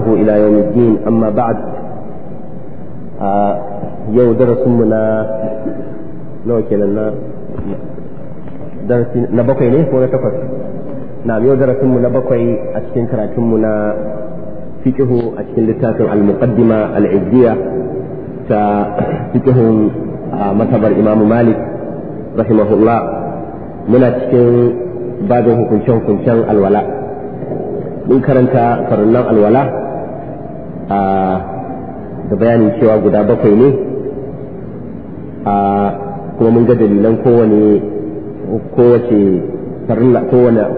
له إلى يوم الدين أما بعد آه يو درس منا نو كنا درس نبقي ليه ولا تفر نعم يو درس منا بقي أتكن كراتم منا فيكه أتكن لتاك المقدمة العزية فيكه آه مذهب الإمام مالك رحمه الله من أتكن باب hukunce-hukuncen alwala mun karanta farallan alwala da bayanin cewa guda bakwai ne a kuma mun ga dalilan kowane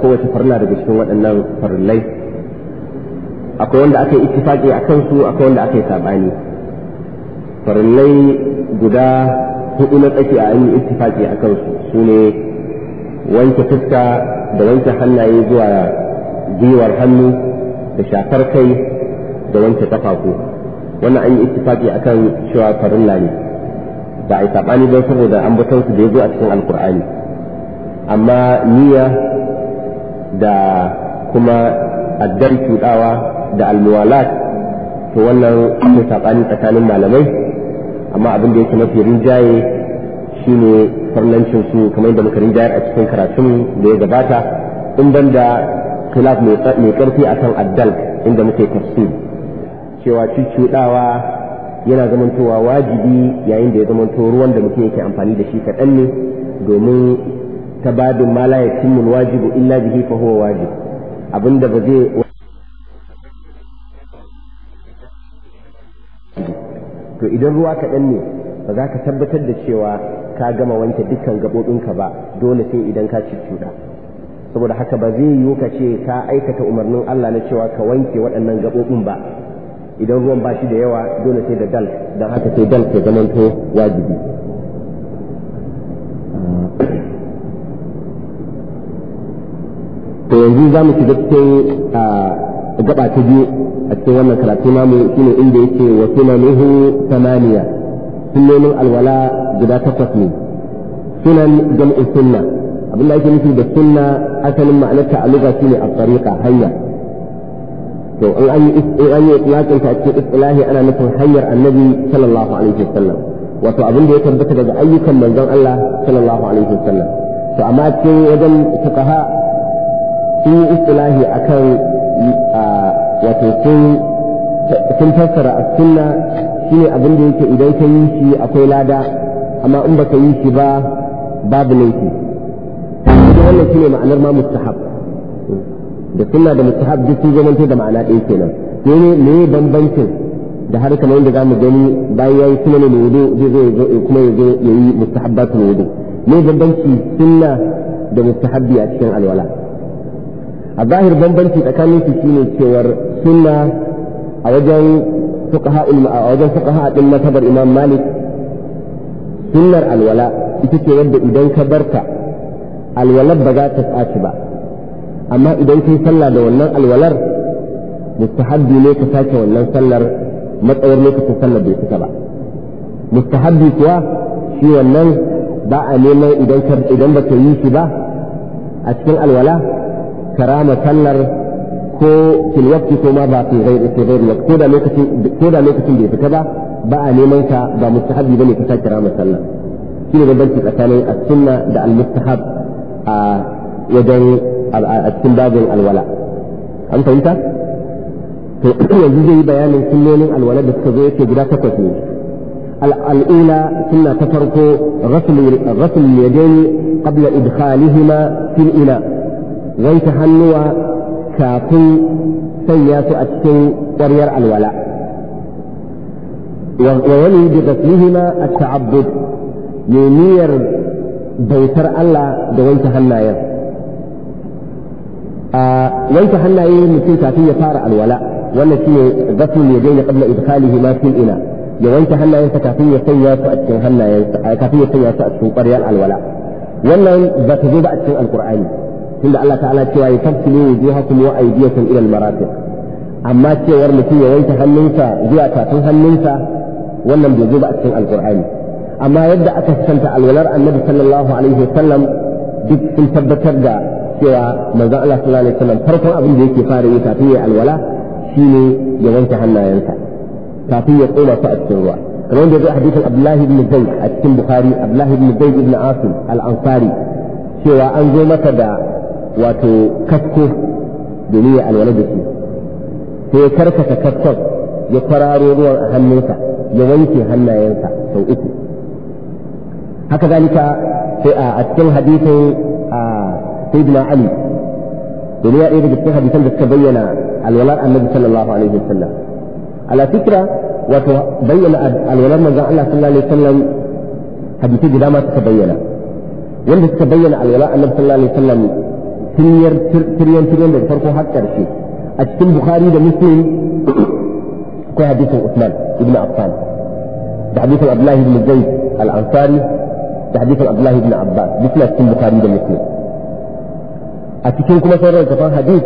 kowace farla daga cikin waɗannan farillai akwai wanda aka yi ittifaƙi a kansu akwai wanda aka yi saɓani farillai guda hudu na tsaki a yi ittifaƙi a kansu su ne wanke fuska da wanke hannaye zuwa gwiwar hannu da shafar kai da wanke kafafu wannan an yi ittifaqi akan cewa farilla ne ba a sabani saboda an batar su da yazo a cikin alkur'ani amma niyya da kuma addar cudawa da almuwalat to wannan ne sabani tsakanin malamai amma abin da yake mafi rinjaye shine farlancin su kamar yadda muka rinjayar a cikin karatun da ya gabata in banda khilaf mai karfi akan addal inda muke tafsiri cewa cucuɗawa yana zamantowa wajibi yayin da ya zamanto ruwan da mutum yake amfani da shi kaɗan ne domin ta babin ma la yatimmu wajibu illa bihi fa huwa wajib abinda ba zai to idan ruwa kaɗan ne ba za ka tabbatar da cewa ka gama wanke dukkan ka ba dole sai idan ka cucuɗa saboda haka ba zai yiwu ka ce ka aikata umarnin Allah na cewa ka wanke waɗannan gaɓoɓin ba idan ruwan ba shi da yawa dole sai da dal don haka sai dal ke wajibi to yanzu za mu shiga cikin gaba ta biyu a cikin wannan karatu namu shine inda yake wa sunanihu samaniya sunnonin alwala guda takwas ne sunan jam'in sunna abin da ake nufi da sunna asalin ma'anarta a lugha shine a tsarika hanya to in an yi an yi itlaqin ta cikin islahi ana nufin hanyar annabi sallallahu alaihi wasallam wato abin da ya tabbata daga ayyukan manzon Allah sallallahu alaihi wasallam to amma cikin wajen fuqaha sun yi islahi akan wato sun sun fassara as-sunna shine abin da yake idan ka yi shi akwai lada amma in baka yi shi ba babu laifi wannan shine ma'anar ma mustahab da suna da mustahab duk sun zamanto da ma'ana ɗaya kenan sai ne me bambancin da har kamar yadda zamu gani bayan yayi sunan ne wudu zai zo kuma ya zo yayi mustahabbatul wudu me bambanci suna da mustahabbi a cikin alwala a zahir bambanci tsakanin su shine cewar suna a wajen fuqaha a wajen fuqaha din matabar imam malik sunnar alwala ita ce yadda idan ka barta alwala ba za ta tsaci ba amma idan kai sallah da wannan alwalar mustahabbi ne ka sake wannan sallar matsayar lokacin sallar bai fita ba mustahabbi kuwa shi wannan ba a neman idan idan ba yi shi ba a cikin alwala karama sallar ko fil waqti ko ma ba fi fi waqti ko da lokacin ko da lokacin bai fita ba ba a neman ka ba mustahabbi bane ka sake rama shi shine bambanci tsakanin as-sunna da al-mustahab a wajen استنباط الولاء انت انت to yanzu zai yi bayanin sunonin alwala da الأولى سنة تفرق غسل غسل اليدين قبل إدخالهما في الإناء هنوى كافي سيئات أتكي ورير الولاء ويلي بغسلهما التعبد يمير بيتر الله دويتهنايا wanke hannaye mutum kafin ya fara alwala wannan shine ya daina qabla idkhalihi ma fil ina ya wanke hannayensa kafin ya sanya su a cikin hannayensa kafin ya sanya su a cikin ƙwaryar alwala wannan ba ta zo ba a cikin alqur'ani tunda Allah ta'ala cewa ya tafsilu wujuhakum wa aydiyakum ila al-marafiq amma cewar mutum ya wanke hannunsa zuwa tafin hannunsa wannan bai zo ba a cikin alqur'ani amma yadda aka santa alwalar annabi sallallahu alaihi wasallam duk sun tabbatar da cewa manzon Allah sallallahu alaihi wasallam farkon abin da yake fara yi kafin ya alwala shine ya wanke hannayensa kafin ya tsoma su a cikin ruwa kamar da zai hadisin Abdullahi ibn Zaid a cikin Bukhari Abdullahi ibn Zaid ibn Asim al-Ansari cewa an zo masa da wato kasko domin ya alwala da shi sai ya karkata kaskon ya kwararo ruwan a hannunsa ya wanke hannayensa sau uku haka zalika sai a cikin hadisin a sayyidina ali domin ya ɗaya daga cikin da suka bayyana alwalar annabi sallallahu alaihi wasallam ala fikra wato bayyana alwalar manzon Allah sallallahu alaihi wasallam hadisai da suka bayyana wanda suka bayyana alwalar annabi sallallahu alaihi wasallam tiryar da farko har karshe a cikin bukhari da muslim akwai hadisin usman ibn affan da hadisin abdullahi ibn zaid al-ansari da hadisin abdullahi ibn abbas duk cikin da a cikin kuma rai littafan hadith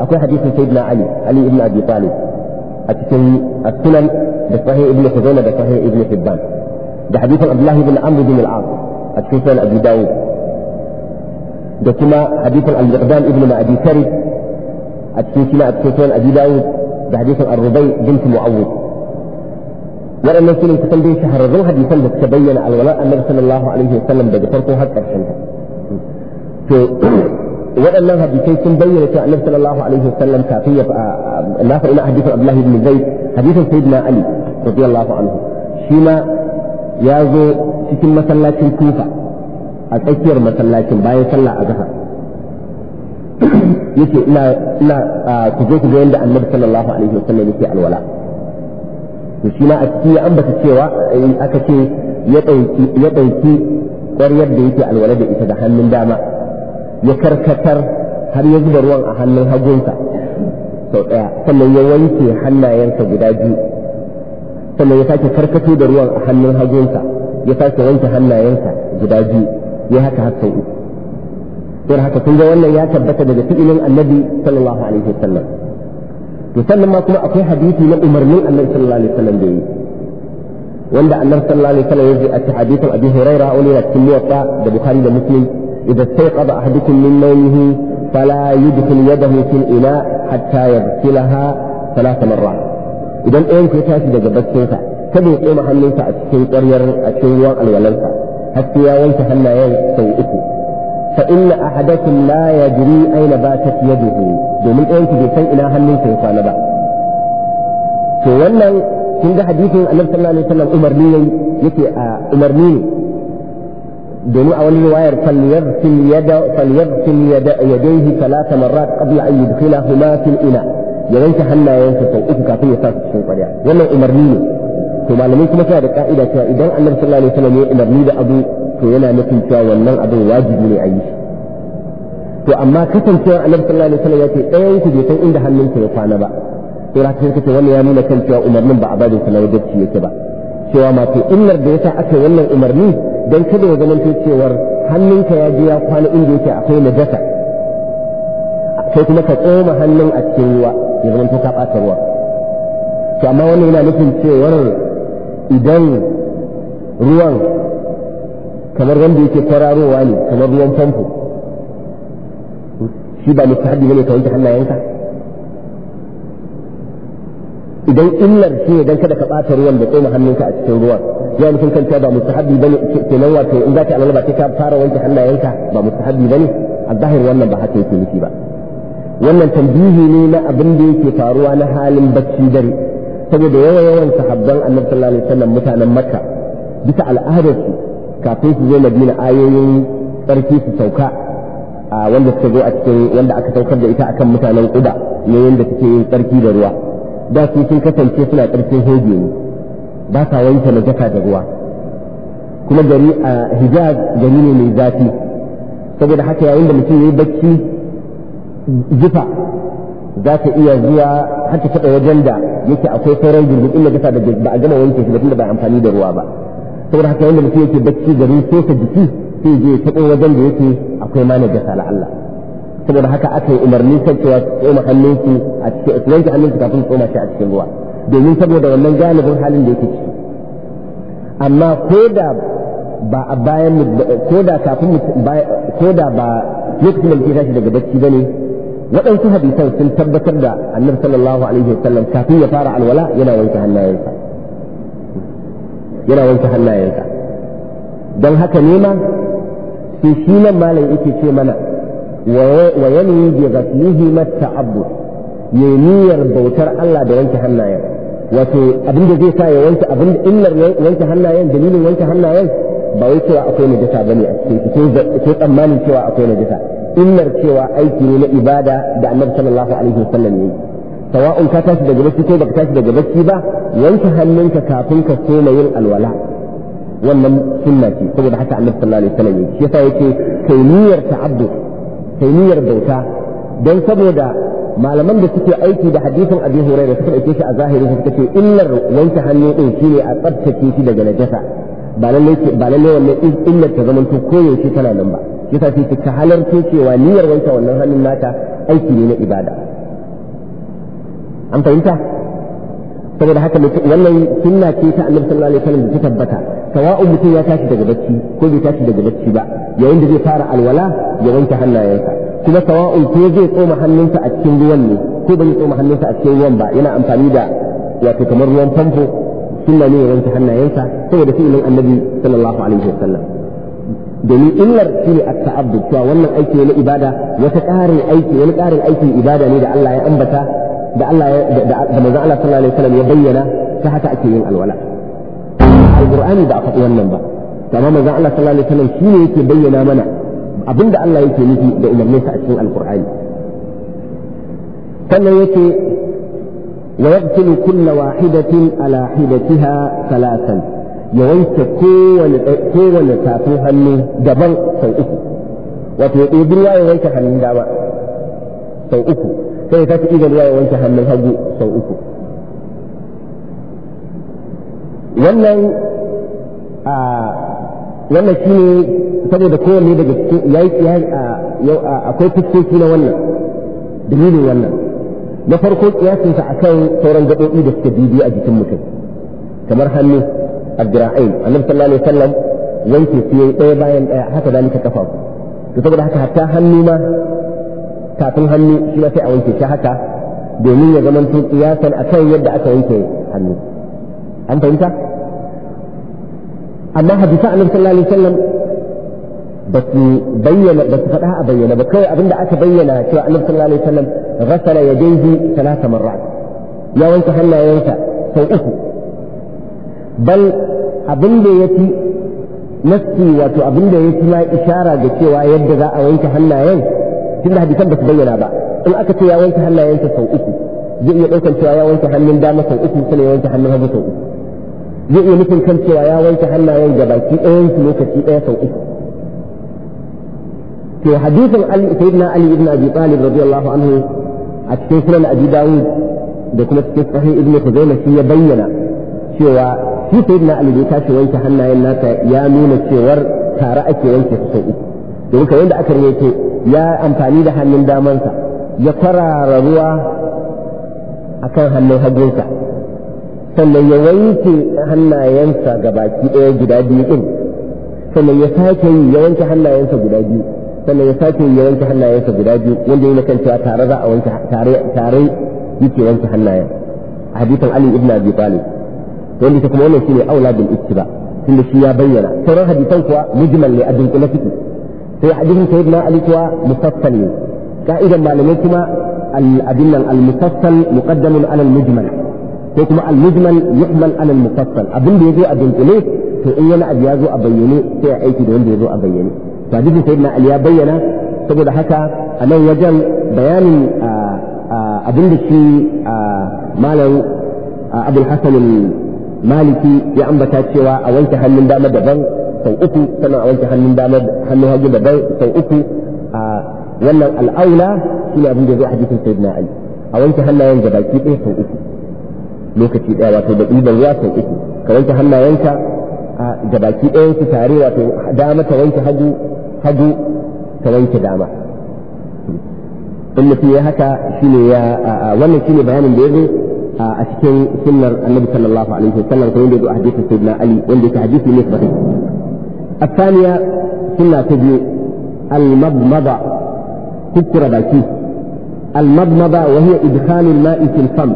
akwai hadisin sayyidina ali ali ibn abi talib a cikin as-sunan da sahih ibn khuzaimah da sahih ibn hibban da hadisin abdullah ibn amr ibn al-as a cikin sunan abi dawud da kuma hadisin al-miqdam ibn abi karid a cikin sunan abi dawud da hadisin ar-rubai bint mu'awwid waɗannan su ne kusan dai shahararrun hadisan da suka bayyana alwalar annabi sallallahu alaihi wasallam daga farko har ƙarshen ta waɗannan hadisai sun bayyana cewa annabi sallallahu alaihi wasallam kafin ya na faɗi na hadisin Abdullahi ibn Zaid hadisin Sayyidina Ali radiyallahu anhu shi ma ya zo cikin masallacin Kufa a tsakiyar masallacin bayan sallah azhar yake ina ina ku je ku ga yanda annabi sallallahu alaihi wasallam yake alwala to shi ma a cikin ya ambata cewa eh, aka ce ya ɗauki ya ɗauki ƙwaryar da yake alwala da ita da hannun dama ya karkatar har ya zuba ruwan a hannun hagunsa sau ɗaya sannan ya wanke hannayensa guda biyu sannan ya sake karkato da ruwan a hannun hagunsa ya sake wanke hannayensa guda biyu ya haka har sau uku don haka kun ga wannan ya tabbata daga fi'ilin annabi sallallahu alaihi wasallam to sannan ma kuma akwai hadisi na umarnin annabi sallallahu alaihi wasallam da yi wanda annabi sallallahu alaihi wasallam ya ji a hadisin abi huraira wani yana cikin da bukhari da muslim إذا استيقظ أحدكم من نومه فلا يدخل يده في الإناء حتى يغسلها ثلاث مرات إذا أين كتاس إذا جبت kada ya tsoma hannunsa a cikin karyar a cikin ruwan alwalansa haske ya wanke hannayen sau uku fa inna ahadakum la yadri aina batat yaduhu domin ɗayan ki bai san ina hannunsa ya kwana ba to wannan kun ga hadisin annabi yake a umarni ne domin a wani riwayar falyarsil yada falyarsil yada yadayhi talata marrat qabla an yudkhilahuma fil ina ya wanke hannayensa sau uku kafin ya sa su cikin kwarya wannan umarni ne to malamai kuma suna da ka'ida cewa idan annabi sallallahu alaihi wasallam ya umarni da abu to yana nufin cewa wannan abin wajibi ne a yi to amma kasancewar annabi sallallahu alaihi wasallam ya ce ɗayan ku bai san inda hannunsa ya kwana ba to da kace ce wannan ya nuna kan cewa umarnin ba a bada sa na wajibi yake ba cewa ma to illar da yasa aka wannan umarni don kada ya zamanto cewar hannunka ya je ya kwana inda yake akwai najasa sai kuma ka tsoma hannun a cikin ruwa ya zamanto ka ɓata ruwa to amma wannan yana nufin cewar idan ruwan kamar wanda yake kwararowa ne kamar ruwan famfo shi ba mustahabi bane ka wanke hannayenka idan illar shi ne dan kada ka bata ruwan da tsoma hannunka a cikin ruwan ya nufin kanta ba mustahabbi bane kenan wato in za ka alwala ba ka fara wanke hannayenka ba mustahabbi bane a zahir wannan ba haka yake nufi ba wannan tambihi ne na abin da yake faruwa na halin bacci dare saboda yawan yawan sahabban annabi sallallahu alaihi wasallam mutanen makka bisa al'adarsu kafin su zo madina ayoyin tsarki su sauka a wanda suka zo a cikin wanda aka saukar da ita akan mutanen kuda ne yanda suke yin tsarki da ruwa da su sun kasance suna ƙarfin hoge ne ba sa wanke jaka da ruwa kuma gari a hijab gari ne mai zafi saboda haka yayin da mutum yayi bacci zufa za ta iya zuwa har ta taɓa wajen da yake akwai sauran jirgin jaka da ba a gama wanke shi da tunda ba amfani da ruwa ba saboda haka yayin da mutum yake bacci gari sai ka jiki sai je ya taɓa wajen da yake akwai ma na najasa la'alla saboda haka aka yi umarni kan cewa su tsoma hannunsu a cikin su wanke hannunsu kafin tsoma shi a cikin ruwa domin saboda wannan galibin halin da yake ciki amma ko da ba a bayan ko da kafin ko da ba lokacin da muke tashi daga bacci ne waɗansu hadisan sun tabbatar da annabi sallallahu alaihi wasallam kafin ya fara alwala yana wanke hannayensa yana wanke hannayensa don haka ne ma sai shi nan malam yake ce mana wa yanwi bi ghaslihi matta'abbud yayi niyyar bautar Allah da wanke hannayen wato abin zai sa ya wanke abin da illar wanke hannayen dalilin wanke hannayen ba wai akwai najasa bane a cikin ko tsammanin cewa akwai najasa illar cewa aiki ne na ibada da Annabi sallallahu alaihi wasallam ne sawa'un ka tashi daga bacci ko baka tashi daga bacci ba wanke hannunka kafin ka soma yin alwala wannan sunna saboda haka Annabi yake kai niyyar ta'abbud sai niyyar bauta don saboda malaman da suke aiki da hadisin abi hurairah suka dauke shi a zahiri suka ce illar wanke hannu din ne a tsabtace shi daga najasa ba lalle ba lalle wannan illar ta zamanto koyaushe tana nan ba yasa sai ka halarta cewa niyyar wanke wannan hannun nata aiki ne na ibada an fahimta saboda haka wannan sunna ce ta annabi sallallahu alaihi wasallam da ta tabbata sawa'un mutum ya tashi daga bacci ko bai tashi daga bacci ba yayin da zai fara alwala ya wanke hannayensa kuma sawa'un ko zai tsoma hannunsa a cikin ruwan ne ko bai tsoma hannunsa a cikin ruwan ba yana amfani da wato kamar ruwan famfo sunna ne ya wanke hannayensa saboda fi'ilin annabi sallallahu alaihi wasallam domin illar shi ne at-ta'abbud cewa wannan aiki na ibada wata ƙarin aiki wani ƙarin aikin ibada ne da Allah ya ambata da Allah da manzon Allah sallallahu alaihi wasallam ya bayyana ta haka ake yin alwala alqur'ani ba a faɗi wannan ba amma manzon Allah sallallahu alaihi wasallam shine yake bayyana mana abinda Allah yake nufi da umarninsa a cikin alqur'ani sannan yake wa yaqtilu kulla wahidatin ala hidatiha salasan ya wanke kowane kowane tafin hannu daban sau uku wato ya ɗebi ruwa ya wanke hannun dama sau uku sai ya sake ɗiga ruwa ya wanke hannun hagu sau uku wannan a wannan shi ne saboda kowanne daga ya yi akwai fuskoki na wannan dalilin wannan na farko kiyasinsa a kan sauran gaɓoɓi da suka bibi a jikin mutum kamar hannu a jira'ain annabi sallallahu alaihi wasallam wanke su yayi ɗaya bayan ɗaya haka da nika kafa to saboda haka hatta hannu ma kafin hannu shi sai a wanke shi haka domin ya zama to kiyasan akan yadda aka wanke hannu an fahimta amma hadisan annabi sallallahu alaihi wasallam ba su bayyana ba su faɗa a bayyana ba kawai abinda aka bayyana cewa annabi sallallahu alaihi wasallam ghasala yadayhi thalatha marrat ya wanke hannayensa sau uku bal abin da ya fi nasti wato abin da ya fi ma ishara ga cewa yadda za a wanke hannayen tun da hadisan ba su bayyana ba in aka ce ya wanke hannayensa sau uku zai iya ɗaukar cewa ya wanke hannun dama sau uku sai ya wanke hannun hagu sau uku zai iya nufin kan cewa ya wanke hannayen ga baki ɗayan su lokaci ɗaya sau uku to hadisin Ali sayyidina Ali ibn Abi Talib radiyallahu anhu a cikin sunan Abi Dawud da kuma cikin sahih ibn Khuzaimah shi ya bayyana cewa shi sayyidina Ali bai tashi wanke hannayen nasa ya nuna cewar tare ake wanke su sau uku don ka yanda aka rawaito ya amfani da hannun damansa ya kwarara ruwa akan hannun hagunsa sannan ya wanke hannayensa ga baki ɗaya guda biyu ɗin sannan ya sake yi ya wanke hannayensa guda biyu sannan ya sake yi ya wanke hannayensa guda biyu wanda yana kan cewa tare za a wanke tare tare yake wanke hannayen a hadisin Ali ibn Abi Talib wanda ta kuma wannan shine aula bil ittiba tunda shi ya bayyana sauran hadisan kuwa mujmal ne a dunkule suke sai hadisin sayyidina Ali kuwa mufassal ne ka'idan malamai kuma al-adillan al-mufassal muqaddamun ala al-mujmal ko kuma al-mujmal yuhmal ala al-mufassal abin da yazo a dunkule to in yana abu yazo a bayyane sai a aiki da wanda yazo a bayyane ba hadisin sayyidina ali ya bayyana saboda haka a nan wajen bayanin abin da shi malam abul hasan maliki ya ambata cewa a wanke hannun dama daban sau uku sannan a wanke hannun dama hannun hagu daban sau uku wannan al'aula shine abin da zai hadisin sayyidina ali a wanke hannayen gabaki ɗaya sau uku lokaci daya wato da ɗiban ya san uku kamar ta hannayenka a gabaki ɗayan su tare wato dama ta wanke hagu hagu ta wanke dama in mutum ya haka shine ya wannan shine bayanin da ya a cikin sunnar annabi sallallahu alaihi wasallam kamar da hadisi zo a sayyidina ali wanda ke hadisi ne sahihi الثانية سنة تجي المضمضة كبكرة باكي المضمضة وهي إدخال الماء في الفم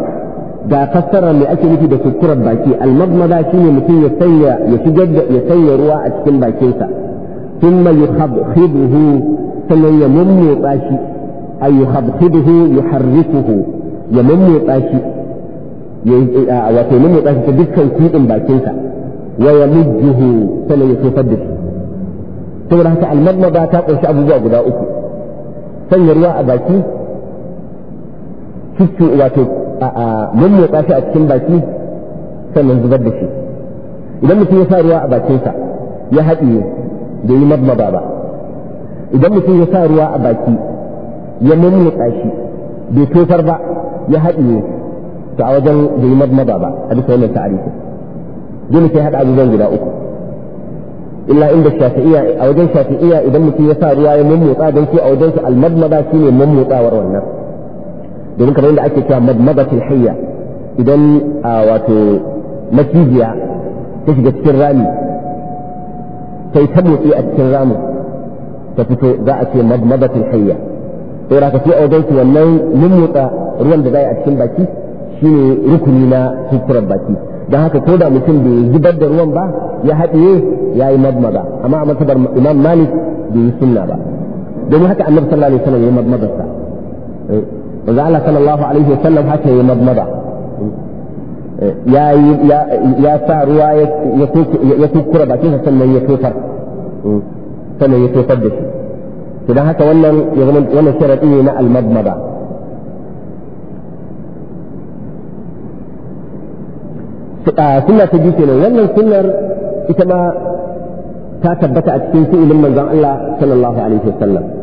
da fassarar mai ake nufi da kuskuren baki almadmada shine mutum ya sanya ya shigar ya sanya ruwa a cikin bakinsa sun ma yi yukhabkhibuhu sannan ya mummotsa tsashi a yi yuharrikuhu ya ya mummotsa shi wato mummotsa tsashi ta dukkan kudin bakinsa wa ya mujjuhu sannan ya tofar da shi saboda haka almadmada ta kunshi abubuwa guda uku sanya ruwa a baki wato mun motsa shi a cikin baki sannan zubar da shi idan mutum ya sa ruwa a bakinsa ya haɗiye da yi madmada ba idan mutum ya sa ruwa a baki ya mummutsa shi bai tofar ba ya haɗiye to a wajen da yi madmada ba a bisa wannan ta'arifi dole sai haɗa abubuwan guda uku illa inda shafi'iya a wajen shafi'iya idan mutum ya sa ruwa ya mummutsa don shi a wajen shi almadmada shine mummutsawar wannan domin kamar yadda ake cewa madmadatul hayya idan wato macijiya ta shiga cikin rami sai ta motsi a cikin ramin ta fito za a ce madmadatul hayya sai da ka a wajen su wannan ruwan da za a cikin baki shine rukuni na suturar baki don haka ko da mutum bai zubar da ruwan ba ya haɗiye ya yi madmada amma a matsabar imam malik bai yi sunna ba domin haka annabi sallallahu alaihi wasallam ya yi madmadarsa eh. إذا صلى الله عليه وسلم حتى يمضمض يا يا يا صار رواية يكون يكون كربة كيف سنة يتوتر سنة يتوتر إذا هك ولا يغلب ولا سرت إيه نأ المضمضة سنة تجيتنا ولا سنة إذا ما كاتب بتأت سنة لمن زعل الله صلى الله عليه وسلم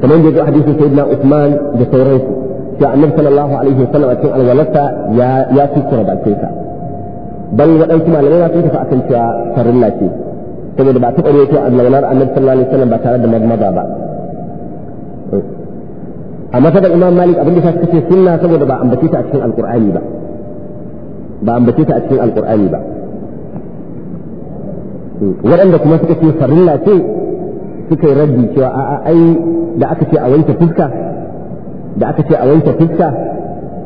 kamar yadda zo sai sayyidina Usman da sauransu cewa annabi sallallahu alaihi wasallam a cikin alwalarsa ya ya kai bakinsa dan waɗansu malamai sun tafi akan cewa farilla ce saboda ba ta ƙware ta alwalar annabi sallallahu alaihi wasallam ba tare da madmada ba a da imam malik abin da suka ce sunna saboda ba ambace ta a cikin alqur'ani ba ba ambace ta a cikin alqur'ani ba waɗanda kuma suka ce farilla ce suka yi rabbi cewa a ai da aka ce a wanke fuska da aka ce a wanke fuska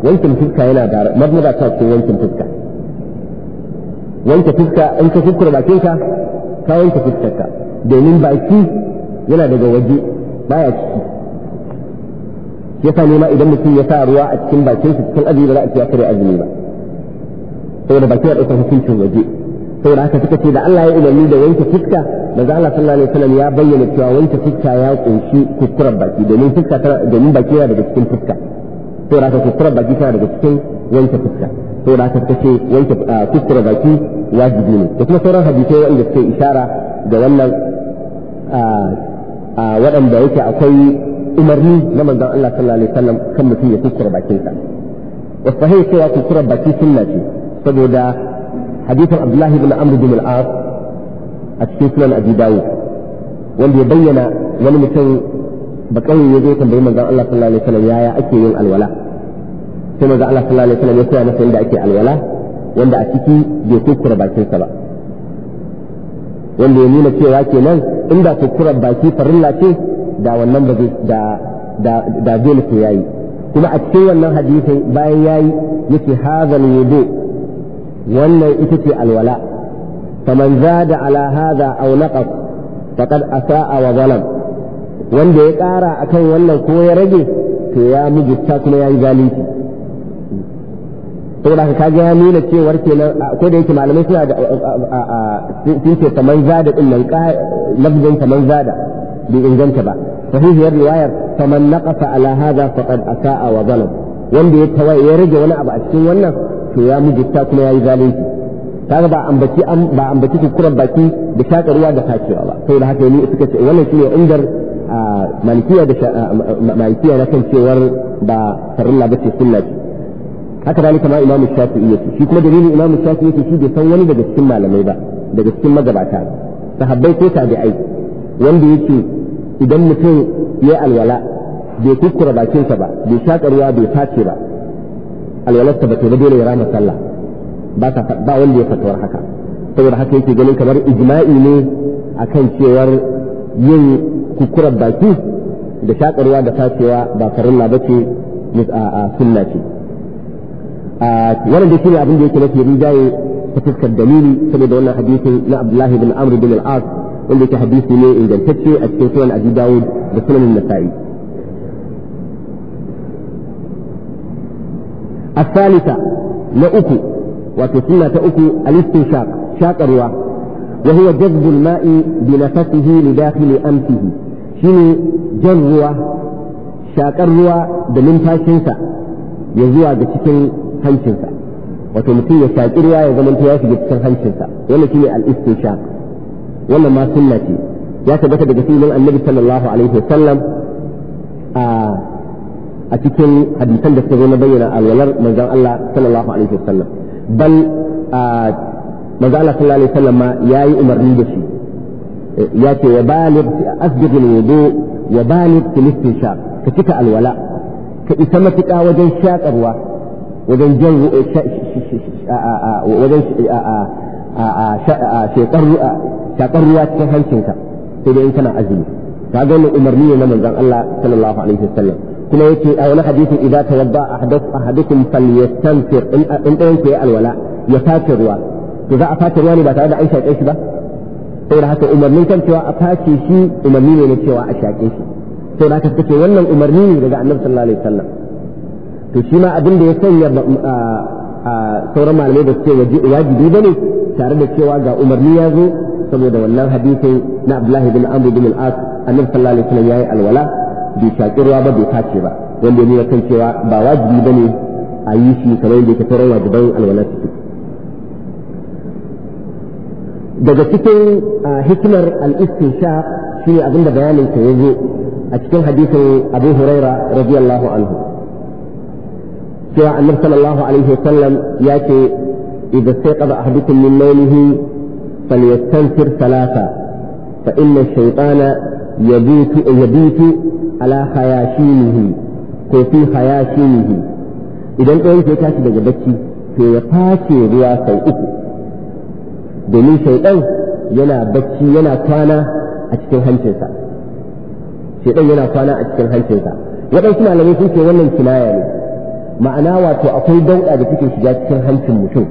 wankin fuska yana da marmara ta ce wankin fuska wanke fuska in ka fuskura bakin ka ka wanke ka domin baki yana daga waje baya ciki yasa sa nema idan mutum ya sa ruwa a cikin bakin shi cikin azumi ba za a ce ya karya azumi ba saboda baki ya ɗaukar hukuncin waje saboda haka suka ce da Allah ya umarni da wanke fuska daga Allah sallallahu alaihi wasallam ya bayyana cewa wanke fuska ya kunshi kuskuren baki domin fuska domin baki yana daga cikin fuska saboda haka kuskuren baki tana daga cikin wanke fuska saboda haka suka ce wanke ah, kuskuren baki wajibi ne da kuma sauran hadisai wanda suke isara ga wannan ah, ah, waɗanda yake akwai umarni na manzon Allah sallallahu alaihi wasallam kan mutum ya kuskure bakinsa wasu sai cewa kuskuren baki sunna ce saboda hadisin abdullahi bin amr bin al-as a cikin sunan abi wanda ya bayyana wani mutum ba kawai ya zo tambayi manzon Allah sallallahu alaihi wasallam yaya ake yin alwala sai manzon Allah sallallahu alaihi wasallam ya koya masa yadda ake alwala wanda a ciki bai kurkura bakinsa ba wanda ya nuna cewa kenan in inda kurkurar baki farilla ce da wannan ba da da da dole sai yayi kuma a cikin wannan hadisin bayan yayi yake hadha al-wudu wannan ita ce alwala faman zada ala hadha aw naqas faqad asaa wa zalam wanda ya ƙara akan wannan ko ya rage to ya ta kuma ya yi zalunci To da kaga ya nuna cewar kenan ko da yake malamai suna da sun ce kaman zada din nan lafzin kaman zada bai inganta ba sahihiyar riwayar kaman naqasa ala hadha faqad asaa wa zalam wanda ya tawaye ya rage wani abu a cikin wannan to ya mujista kuma ya yi zalunci kaga ba ambaci ba ambaci kuskuren baki da shaka ruwa da facewa ba sai da haka ne suka ce wannan shine ingar malikiya da malikiya na kan cewar ba farilla bace sunna ce haka dalika ma imamu shafi'i yake shi kuma dalilin imamu shafi'i yake shi bai san wani daga cikin malamai ba daga cikin magabata sahabbai ko tabi'ai wanda yake idan mutum ya alwala bai kukkura bakinsa ba bai shakaruwa ruwa bai face ba alwalarsa ba ta ba dole ya rama sallah ba ba wanda ya fatawar haka saboda haka yake ganin kamar ijma'i ne akan cewar yin kukurar baki da shakarwa da tacewa ba farilla ba ce a sunna ce wannan da ne abin da yake nake rijaye ta fuskar dalili saboda wannan hadisin na Abdullahi bin Amr bin Al-As wanda yake hadisi ne ingantacce a cikin sunan Abi Dawud da sunan Nasa'i الثالثة لأكو وتسنة أكو الاستنشاق شاق الرواة وهو جذب الماء بنفسه لداخل أنفه شنو جذوة شاق الرواة بلنفاشنسا يزوى بشكل هنشنسا وتمثيل شاق الرواة يزمن تياشي بشكل هنشنسا ولا شنو الاستنشاق ولا ما سنتي يا ثبت بقصيد النبي صلى الله عليه وسلم آه a cikin hadisan da suka zo na bayyana alwalar manzon Allah sallallahu alaihi wasallam bal manzon Allah sallallahu alaihi wasallam yayi umarni da shi eh, ya ce ya balig asbigh alwudu ya balig fil istinshaq ka cika alwala ka isa mafita wajen shakarwa wajen jan wajen shakar ruwa cikin hancinka sai dai in kana azumi ka ga umarni ne na manzon Allah sallallahu alaihi wasallam kuma yake a wani hadisin idan ta yabba ahadukum falyastanfir in ɗayan ku ya alwala ya tace ruwa to za a face ruwa ne ba tare da an shaƙe shi ba da haka umarnin kan cewa a face shi umarni ne na cewa a shaƙe shi saboda haka suka ce wannan umarni ne daga annabi sallallahu alaihi wasallam to shi ma abin da ya sanya sauran malamai da suke wajibi bane tare da cewa ga umarni ya zo saboda wannan hadisin na Abdullahi bin Amr bin al-As annabi sallallahu alaihi wasallam yayi alwala bai shaƙi ruwa ba bai tace ba wanda ya nuna kan cewa ba wajibi ba ne a yi shi kamar yadda yake sauran wajiban alwala su daga cikin hikimar al-istinsha shi ne abinda bayanin ta zo a cikin hadisin Abu Huraira radiyallahu anhu cewa annabi sallallahu alaihi wasallam ya ce idza istaqada ahadukum min nawmihi falyastanfir thalatha fa inna يبيت يبيت ala hayashinihi ko fi hayashinihi idan ɗayan ya tashi daga bacci to ya face ruwa sau uku domin shaidan yana bacci yana kwana a cikin hancinsa shaidan yana kwana a cikin hancinsa waɗansu malamai sun ce wannan kinaya ne ma'ana wato akwai dauɗa da take shiga cikin hancin mutum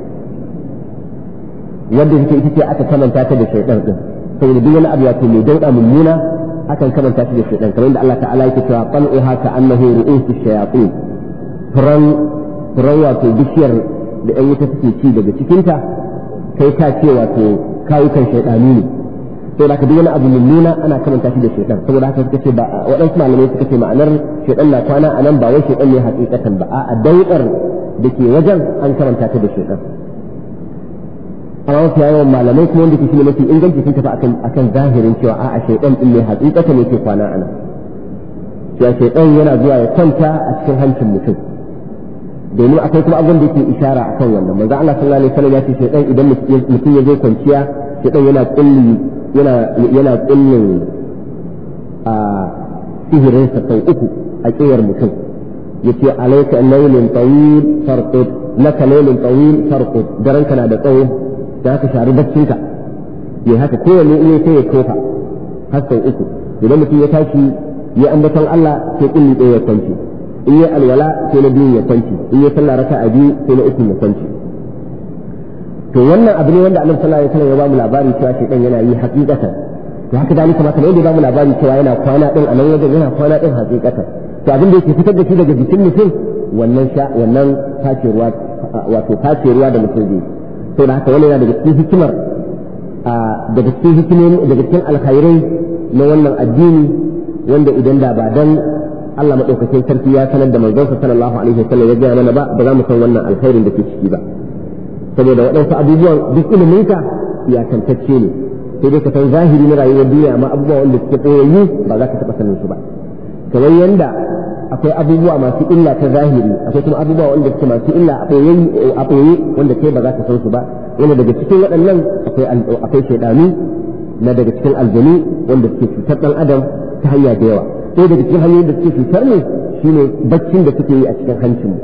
wanda take ita ce aka kamanta ta da shaidan din saboda duk wani abu ya ce mai mun mummuna akan kamanta shi da shaitan kamar da Allah ta'ala yake cewa ka annahu ru'usu shayatin furan furan wato bishiyar da ɗan wuta suke ci daga cikinta kai ka ce wato kayukan shaitanu ne to da duk wani abu mummuna ana kamanta shi da shaitan saboda haka suka ce ba waɗansu malamai suka ce ma'anar shaitan na kwana a nan ba wai shaitan ne hakikatan ba a'a daudar da ke wajen an karanta ta da shaitan a wasu yawan malamai kuma wanda ke shi ne mafi inganci sun tafi akan akan zahirin cewa a'a shaidan din ne hakikatan yake kwana ana cewa shaidan yana zuwa ya kwanta a cikin hancin mutum domin akwai kuma abin da yake ishara akan wannan manzo Allah sallallahu alaihi wasallam ya ce shaidan idan mutum ya zo kwanciya shaidan yana kullu yana yana kullu a sihirin sa sau uku a kiyar mutum yace alayka an tawil farqud laka laylun tawil farqud daranka na da tsawo da haka shari baccin ka ya haka kowanne in sai ya tofa har sau uku idan mutum ya tashi ya ambaton Allah sai kulli ɗaya ya kwanci in ya alwala sai na biyun ya kwanci in ya sallah raka a biyu sai na uku ya kwanci to wannan abu ne wanda Annabi sallallahu alaihi wasallam ya ba mu labari cewa shedan yana yi hakikatan to haka dalika ma kamar yadda ya ba mu labari cewa yana kwana din a nan yadda yana kwana din hakikatan to abin da yake fitar da shi daga jikin mutum wannan sha wannan face ruwa wato face ruwa da mutum zai sai da haka wani yana daga cikin hikimar daga cikin hikimomi daga cikin alkhairai na wannan addini wanda idan da ba dan Allah madaukakin sarki ya sanar da manzonsa sallallahu alaihi wasallam ya gaya mana ba ba za mu san wannan alkhairin da ke ciki ba saboda waɗansu abubuwan duk iliminka iyakantacce ne sai dai ka san zahiri na rayuwar duniya amma abubuwan wanda suke tsayayyu ba za ka taɓa sanin su ba kamar yanda akwai abubuwa masu illa ta zahiri akwai kuma abubuwa wanda suke masu illa a ɓoye eh, wanda kai ba za ka san su ba wanda daga cikin waɗannan akwai shaidanu na daga cikin aljanu wanda suke cutar ɗan adam ta hanya da yawa sai daga cikin hanyoyin da suke cutar ne shine baccin da suke yi a cikin hancin mu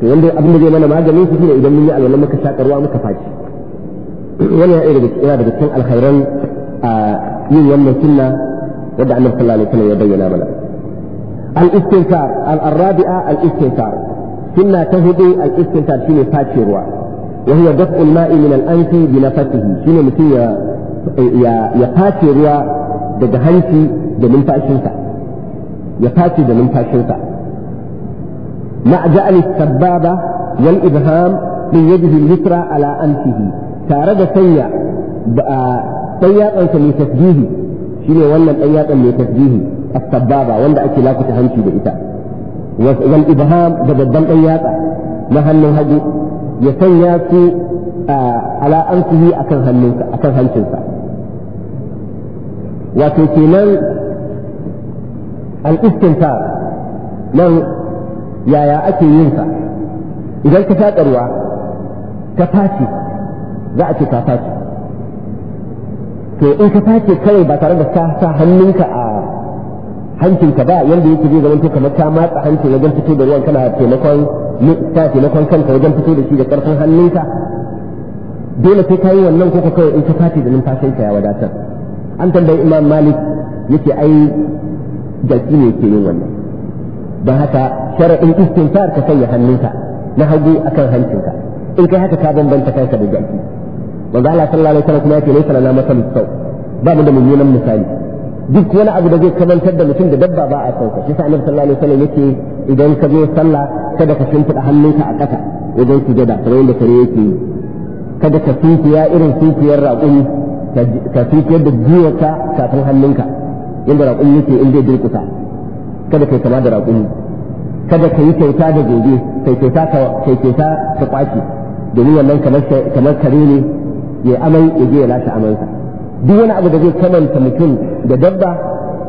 to wanda abin da zai mana maganin su shine idan mun yi alwala muka shakarwa muka faci wani yana daga cikin alkhairan ah, yin wannan sunna wadda annabi sallallahu alaihi wasallam ya bayyana mana al-istinkar al-rabi'a al-istinkar sunna ta hudu al-istinkar shine face ruwa wa huwa daf'ul ma'i min al-anfi bi nafsihi shine mutum ya ya daga da numfashinsa ya face da numfashinsa مع جعل السبابة والإبهام من يده اليسرى على أنفه تارد سيع سيع أنت لتسجيه شنو ولا الأيات اللي as-sababa wanda ake lakuta hanci da ita wal ibham da babban dan yatsa na hannun hagu ya sanya su ala ansihi akan hannunsa akan hancinsa wato kenan al-istintar nan yaya ake yin idan ka ka za a ka to in ka tashi kawai ba tare da ka sa hannunka a ka ba yanda yake zai zamanto kamar ta matsa hancin wajen fito da ruwan kana taimakon ta taimakon kanka wajen fito da shi da karfin hannunka dole sai kai wannan ko ka kawai in ka fati da numfashinka ya wadatar an tambayi imam malik yake ai jaki ne ke yin wannan don haka sharaɗin istinfar ka sanya hannunka na hagu akan hancinka in kai haka ka bambanta kanka da jaki manzo Allah sallallahu alaihi wasallam kuma yake laysa lana masalun sau ba mu da mummunan misali duk wani abu da zai kamantar da mutum da dabba ba a sauka shi sa annabi sallallahu alaihi wasallam yake idan ka zo sallah kada ka shimfiɗa hannunka a ƙasa wajen sujada kamar yadda kare yake yi kada ka sufiya irin sufiyar raƙumi ka sufiyar da jiwarka kafin hannunka yadda raƙumi yake in zai durƙusa kada kai kama da raƙumi kada ka yi kyauta da gobe kai kyauta kai kyauta ka kwaki domin wannan kamar kare ne ya amai ya je ya lashe amansa duk wani abu da zai kamanta mutum da dabba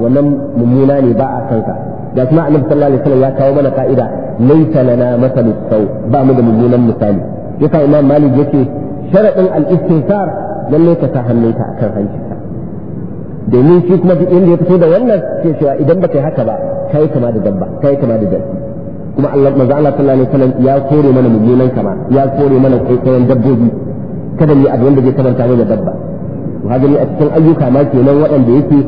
wannan mummuna ne ba a san ka ga kuma annabi sallallahu alaihi wasallam ya kawo mana ka'ida laysa lana masalu sau ba mu da mummunan misali yasa imam malik yake sharadin al-istinsar lalle ka sa hannunka akan hancinka domin shi kuma duk inda ya fito da wannan sai cewa idan ba kai haka ba kai kama da dabba kai kama da dabba kuma Allah manzo Allah sallallahu alaihi wasallam ya kore mana mummunan kama ya kore mana kai kwaikwayon dabbobi kada mu abu wanda zai kamanta mu da dabba ka gani a cikin ayyuka ma kenan waɗanda yake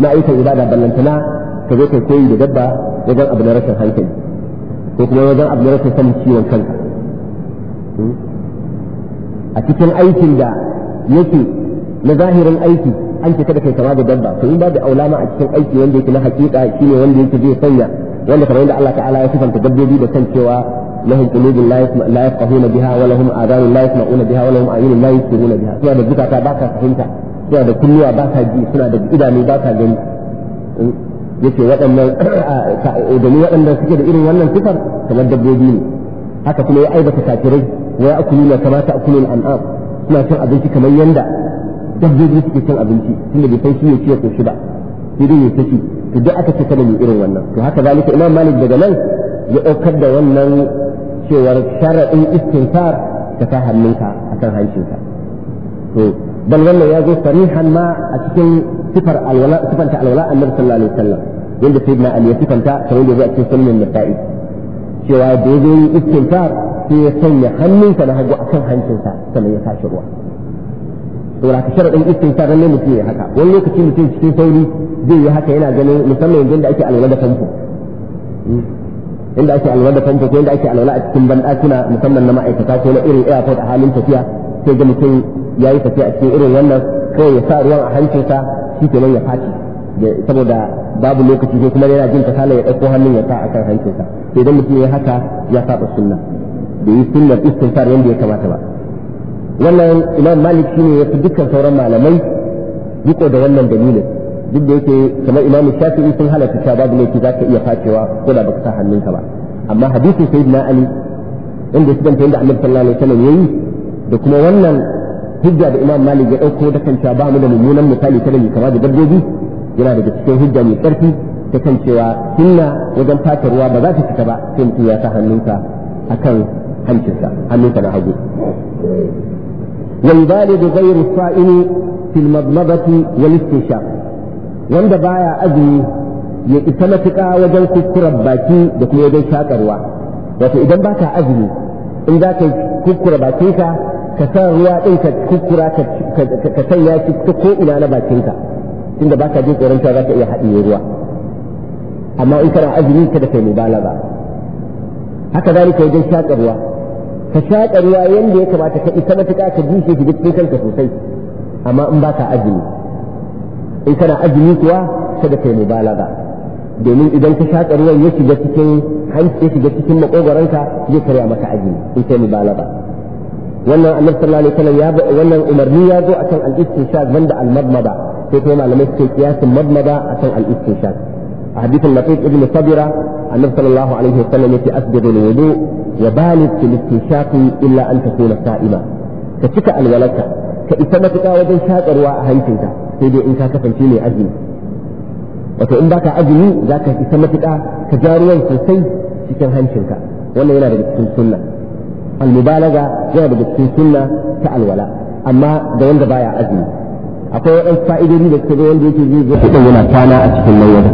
na aikin ibada ballantana ka zo kai koyi da dabba wajen abu na rashin hankali ko kuma wajen abu na rashin sanin ciwon kanka a cikin aikin da yake na zahirin aiki an ce kada kai kama da dabba to in babu aulama a cikin aiki wanda yake na hakika shine wanda yake zai sanya wanda kamar yadda Allah ta'ala ya sifanta dabbobi da kan cewa لهم قلوب لا يسمع لا يفقهون بها ولهم آذان لا يسمعون بها ولهم أعين لا يبصرون بها سواء ده زكاة باكا فهمتا سواء ده كلوا باكا جي سواء ده إداني باكا جني yake waɗannan domin waɗanda suke da irin wannan sifar kamar dabbobi ne haka kuma ya aibata kafirai wa ya'kulu na kama ta'kulul an'am suna cin abinci kamar yanda dabbobi suke cin abinci tunda bai san shi ne ciye ko sai dai ya saki to duk aka ce kada mu irin wannan to haka zalika imam malik daga nan ya ɗaukar da wannan cewar sharaɗin istinsar da ta hannunka a kan hancinka to bal wannan ya zo sarihan ma a cikin sifar alwala sifanta alwala annabi sallallahu alaihi wasallam yanda sai na ya sifanta kamar da zai cikin sunan nasa'i cewa da ya zo yi istinsar sai ya sanya hannunsa na hagu a kan hancinsa sannan ya tashi ruwa saboda ka sharaɗin istinsar ne mutum ya haka wani lokaci mutum cikin sauri zai yi haka yana ganin musamman yanzu da ake alwala da famfo hmm. inda ake alwala da ko inda ake alwala a cikin bandakuna musamman na ma'aikata ko na irin airport a halin tafiya sai ga mutum ya yi tafiya a cikin irin wannan kawai ya sa ruwan a hancinsa shi nan ya faci saboda babu lokaci ko kuma yana jin kasala ya ɗauko hannun ya sa a kan hancinsa sai idan mutum ya haka ya saba sunna da yi sunnar istighfar yadda ya kamata ba wannan imam malik shine ya fi dukkan sauran malamai riko da wannan dalilin duk da yake kamar imam shafi'i sun halatta cewa babu ki zaka iya facewa ko da baka sa hannunka ba amma hadisin sayyidina ali inda shi danta yadda annabi sallallahu alaihi wasallam yayi da kuma wannan hujja da imam malik ya dauko da kan cewa ba mu da mummunan misali kada mu kama da dabbobi yana daga cikin hujja mai karfi ta kan cewa sunna wajen fata ruwa ba za ta fita ba sai mutum ya sa hannunsa akan hancinsa hannunka na hagu والبالغ غير الصائم في المضمضة والاستنشاق wanda baya azumi ya isa matuƙa wajen kuskuren baki da kuma wajen shakarwa wato idan baka azumi in za ka kuskura bakinka ka sa ruwa ɗin ka kuskura ka sanya shi ta ko ina na bakinka inda baka jin tsoron za ka iya haɗiye ruwa amma in kana azumi ka da kai ba haka zalika wajen shakarwa ka shaƙarwa yanda yadda ya kamata ka isa matuƙa ka ji shi duk kanka sosai amma in baka azumi in kana azumi kuwa kada kai mubalaga domin idan ka shaƙa ruwan ya shiga cikin hanci ya shiga cikin makogoranka zai karya maka azumi in kai mubalaga wannan annabi sallallahu alaihi wasallam wannan umarni ya zo akan al-istinshaq banda al-madmada sai kuma malamai suke kiyasin madmada akan al-istinshaq a hadithin latif ibn sabira annabi sallallahu alaihi wasallam yace asbiru al-wudu wa balig fil istinshaq illa an takuna sa'ima ka cika alwalaka ka isa matuƙa wajen shaƙarwa a hancinka sai dai in ka kasance mai azumi wato in baka azumi za ka isa matuƙa ka ja ruwan sosai cikin hancinka wannan yana daga cikin sunna almubalaga yana daga cikin sunna ta alwala amma da wanda baya azumi akwai waɗansu fa'idodi da suka wanda yake zai zo kuɗin yana tana a cikin layyada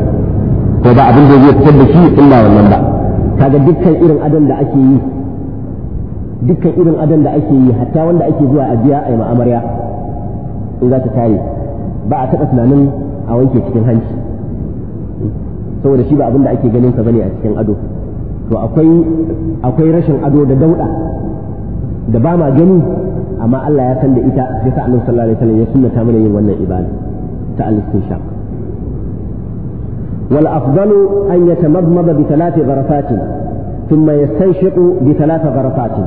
ko ba abin da zai fitar da shi illa wannan ba kaga dukkan irin adam da ake yi dukkan irin adam da ake yi hatta wanda ake zuwa a biya a yi ma'amarya in za ta tare ba a taɓa tunanin a wanke cikin hanci saboda shi ba abin da ake ganin sa bane a cikin ado to akwai akwai rashin ado da dauda da ba ma gani amma Allah ya san da ita ya sa Annabi sallallahu alaihi wasallam ya sunnata mana yin wannan ibada ta al-istinshaq wal afdalu an yatamadmada bi thalathi gharafatin thumma yastanshiqu bi thalathi gharafatin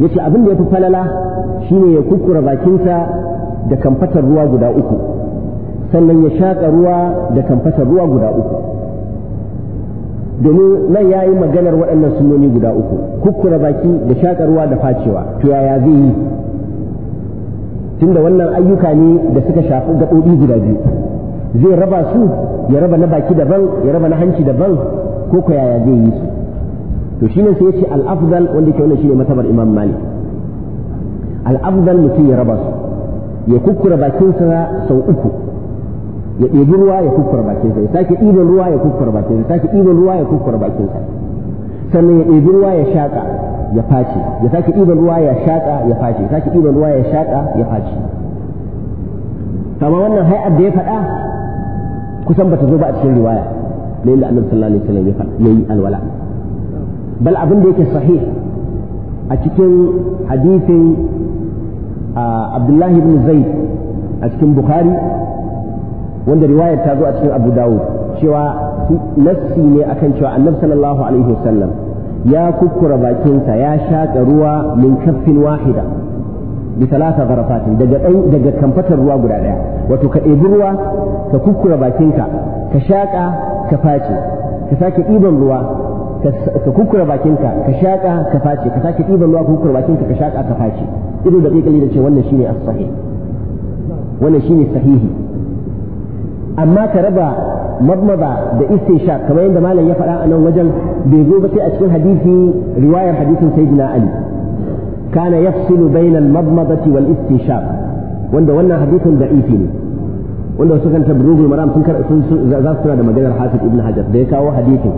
yace abin da fi falala shine ya kukkura bakinsa da kamfatar ruwa guda uku sannan ya shaƙa ruwa da kamfatar ruwa guda uku domin nan ya yi maganar waɗannan sunoni guda uku kukkura baki da shaƙa ruwa da facewa to yaya zai yi tunda wannan ayyuka ne da suka shafi gaɓoɓi guda biyu zai raba su ya raba na baki daban ya raba na hanci daban ko ko yaya zai yi su to shine sai ya ce al wanda ke wannan ne matabar imam malik al mutum ya raba su ya kukkura bakinsa sau uku ya ɗebi ruwa ya kukkura bakinsa ya sake ɗiban ruwa ya kukkura bakinsa ya sake ɗiban ruwa ya kukkura bakinsa sannan ya ɗebi ruwa ya shaƙa ya face ya sake ɗiban ruwa ya shaƙa ya face ya sake ɗiban ruwa ya shaƙa ya face kama wannan hay'ar da ya faɗa kusan bata zo ba a cikin riwaya na yadda annabi sallallahu alaihi wasallam ya yi alwala bal abin da yake sahih a cikin hadisin abdullahi ibn zaid a cikin bukhari wanda riwayar ta zo a cikin abu dawud cewa nassi ne akan cewa annabi sallallahu alaihi wasallam ya kukkura bakinsa ya shaƙa ruwa min kaffin wahida bi talata zarafatin daga daga kamfatar ruwa guda ɗaya wato ka ɗebi ruwa ka kukkura bakinka ka shaƙa ka face ka sake ɗiban ruwa ka kukkura bakinka ka shaƙa ka face ka sake ɗiban ruwa ka kukkura bakinka ka shaƙa ka face ibnu daqiq ne ce wannan shine as-sahih wannan shine sahihi amma ka raba madmada da istisha kamar yadda malam ya faɗa a nan wajen bai zo ba sai a cikin hadisi riwayar hadisin sayyidina ali kana yafsilu bayna al-madmadati wal istisha wanda wannan hadisin da'ifi ne wanda suka kan tabrugul maram sun kar sun za su da maganar hafiz ibn hajar da ya kawo hadisin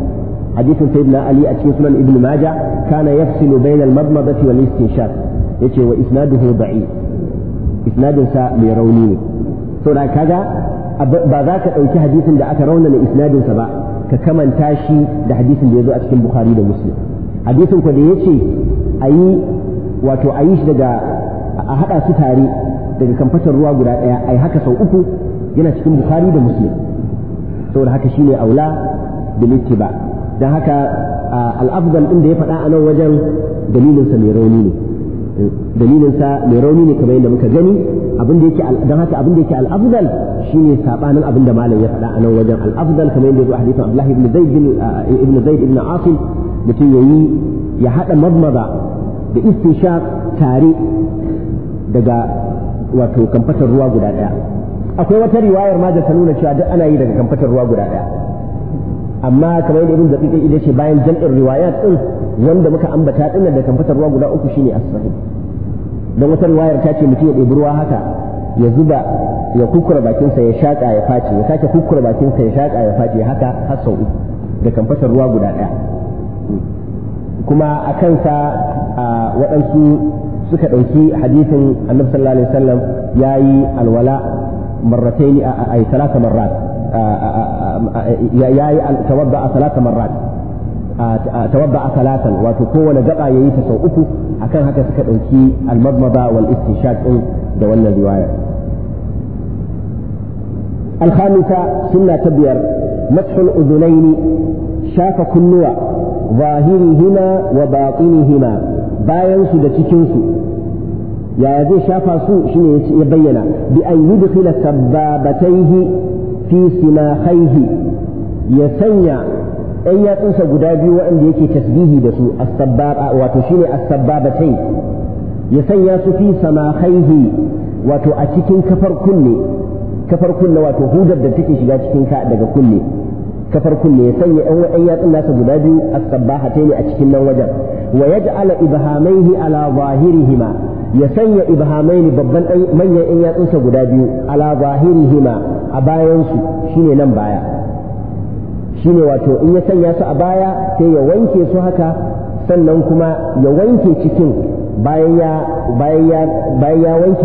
hadisin sayyidina ali a cikin sunan ibn majah kana yafsilu bayna al-madmadati wal istinshaq yace wa isnaduhu da'if isnadin sa mai rauni ne da kaga ba za ka ɗauki hadisin da aka raunana isnadin sa ba ka kamanta shi da hadisin da ya zo a cikin bukhari da muslim hadisin ku da yace ayi wato ayi shi daga a haɗa su tare daga kamfatar ruwa guda ɗaya ai haka sau uku yana cikin bukhari da muslim saboda haka shine aula bil ittiba dan haka al-afdal din da ya faɗa a nan wajen dalilin sa mai rauni ne dalilinsa sa mai rauni ne kamar yadda muka gani abin da yake dan haka abin da yake al shine sabanin abin da malam ya faɗa a nan wajen al-afdal kamar yadda zuwa hadisin Abdullah ibn Zaid ibn Zaid ibn Asim mutum yayi ya hada madmada da istinshaq tare daga wato kamfatar ruwa guda daya akwai wata riwayar ma da ta nuna cewa duk ana yi daga kamfatar ruwa guda daya amma kamar yadda ibn Zaid ya ce bayan jam'in riwayat din wanda muka ambata dinnan da kan tamfatar ruwa guda uku shine as don wata riwayar ta ce mutum ya ɗebi ruwa haka ya zuba ya kukura bakinsa ya shaƙa ya face ya sake kukura bakinsa ya shaƙa ya face haka har sau uku da kamfatar ruwa guda ɗaya kuma a kansa a waɗansu suka ɗauki hadisin annabi sallallahu alaihi wasallam ya yi alwala marrataini a talata marrat ya yi tawadda a talata marrat آه، آه، توضع ثلاثا وتقوى لجقى يجيس سوءك أكان هكا سكت أنكي المضمضة والاستشاد دولنا الرواية الخامسة سنة تبير مدح الأذنين شاف كنوا ظاهرهما وباطنهما باين سودة تكنسو يا ذي شاف سوء شنو يبين بأن يدخل سبابتيه في سماخيه يسنع ɗan yatsunsa guda biyu waɗanda yake tasbihi da su as-sabbaba wato shine as-sabbabatai ya sanya su fi sama haihi wato a cikin kafar kunne kafar kunne wato hudar da take shiga cikin ka daga kunne kafar kunne ya sanya ɗan waɗan yatsun nasa guda biyu as ne a cikin nan wajen wa ja'ala ibhamaihi ala zahirihima ya sanya ibhamaini babban manyan ɗan yatsunsa guda biyu ala zahirihima a bayansu shine nan baya shine wato in ya sanya su a baya sai ya wanke su haka sannan kuma ya wanke cikin bayan ya wanke bayan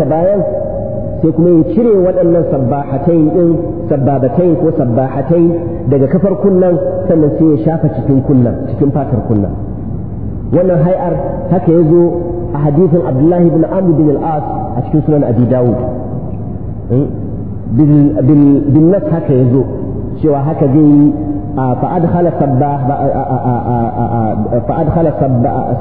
sai kuma ya cire waɗannan sabbahatai din sabbabatai ko sabbahatai daga kafar kunnan sannan sai ya shafa cikin kunnan cikin fatar kunnan wannan hai'ar haka ya zo a hadisin abdullahi bin amr bin al a cikin sunan abi dawud hmm? bin nas haka ya zo cewa haka zai yi فأدخل سباه فأدخل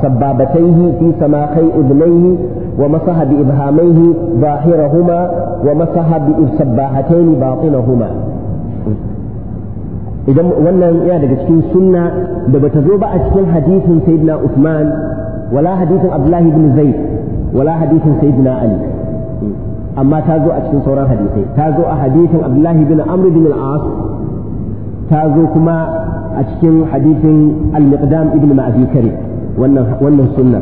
سبابتيه في سماخي أذنيه ومسح بإبهاميه ظاهرهما ومسح بسباحتين باطنهما idan wannan ya daga cikin sunna da bata zo ba a cikin hadisin sayyidina Uthman wala hadisin Abdullahi ibn Zaid wala hadisin sayyidina Ali amma ta zo a cikin sauran hadisai ta zo a hadisin Abdullahi ibn Amr ibn al-As ta zo kuma a cikin hadisin al-miqdam ibn ma'abi kare wannan wannan sunna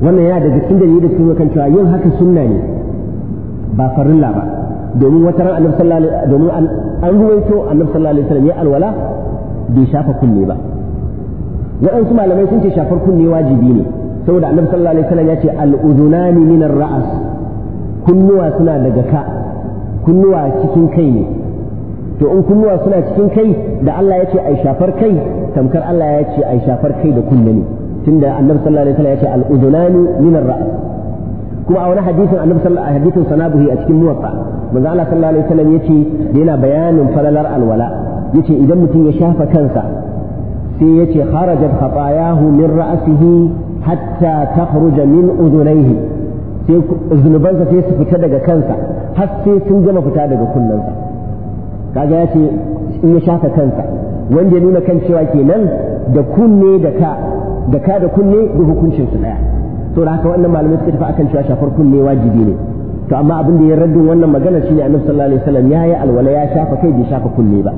wannan ya daga cikin dalilin da suke kan cewa yin haka sunna ne ba farilla ba domin wata ran annabi sallallahu alaihi domin an ruwaito annabi sallallahu alaihi wasallam ya alwala bai shafa kunne ba waɗansu malamai sun ce shafar kunne wajibi ne saboda annabi sallallahu alaihi wasallam ya ce al-udunani min ar-ra's kunnuwa suna daga ka kunnuwa cikin kai ne to in kunnuwa suna cikin kai da Allah ya ce ai shafar kai tamkar Allah ya ce ai shafar kai da kunne ne tunda annabi sallallahu alaihi wasallam ya ce al-udunani min ar-ra's kuma a wani hadisin annabi sallallahu alaihi hadisin sanabuhi a cikin muwatta manzo Allah sallallahu alaihi wasallam yace da yana bayanin falalar alwala yace idan mutum ya shafa kansa sai yace kharajat khatayahu min ra'sihi hatta takhruja min udunayhi sai zunubansa sai su fita daga kansa har sai sun gama fita daga kunnensa kaga ya ce in ya shafa kansa wanda ya nuna kan cewa kenan da kunne da ka da ka da kunne da hukuncin su daya to da haka wannan malamai suka tafi akan cewa shafar kunne wajibi ne to amma abin da ya raddin wannan magana shine annabi sallallahu alaihi wasallam yayi alwala ya shafa kai bai shafa kunne ba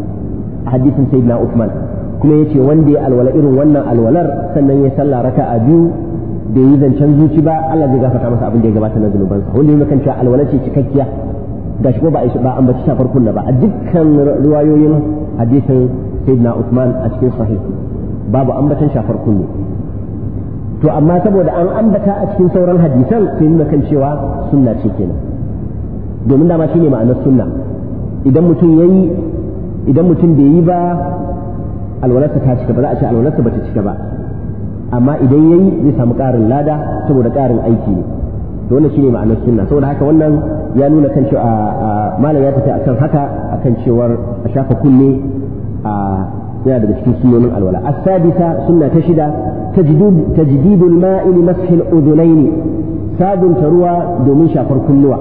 a hadisin sayyidina Uthman kuma yace wanda ya alwala irin wannan alwalar sannan ya salla raka'a biyu bai yi zancen zuci ba Allah zai gafarta masa abin da ya gabata na zanubansa wanda ya kan cewa alwala ce cikakkiya gashi ko ba ba an bace shafar kunna ba a dukkan riwayoyin hadisin sayyidina Usman a cikin sahih babu ambatan shafar kunne to amma saboda an ambata a cikin sauran hadisan sai nuna kan cewa sunna ce kenan domin dama shine ma'anar sunna idan mutum yayi idan mutum bai yi ba alwalarsa ta cika ba za a ce alwalarsa ba ta cika ba amma idan yayi zai samu ƙarin lada saboda ƙarin aiki ne to wannan shine ma'anar sunna saboda haka wannan ya nuna kan cewa malam ya tafi akan haka akan cewar a shafa kunne a yana daga cikin sunnonin alwala as-sadisa sunna ta shida tajdidul ma'i li mashi al-udhunayn sabunta ruwa domin shafar kunnuwa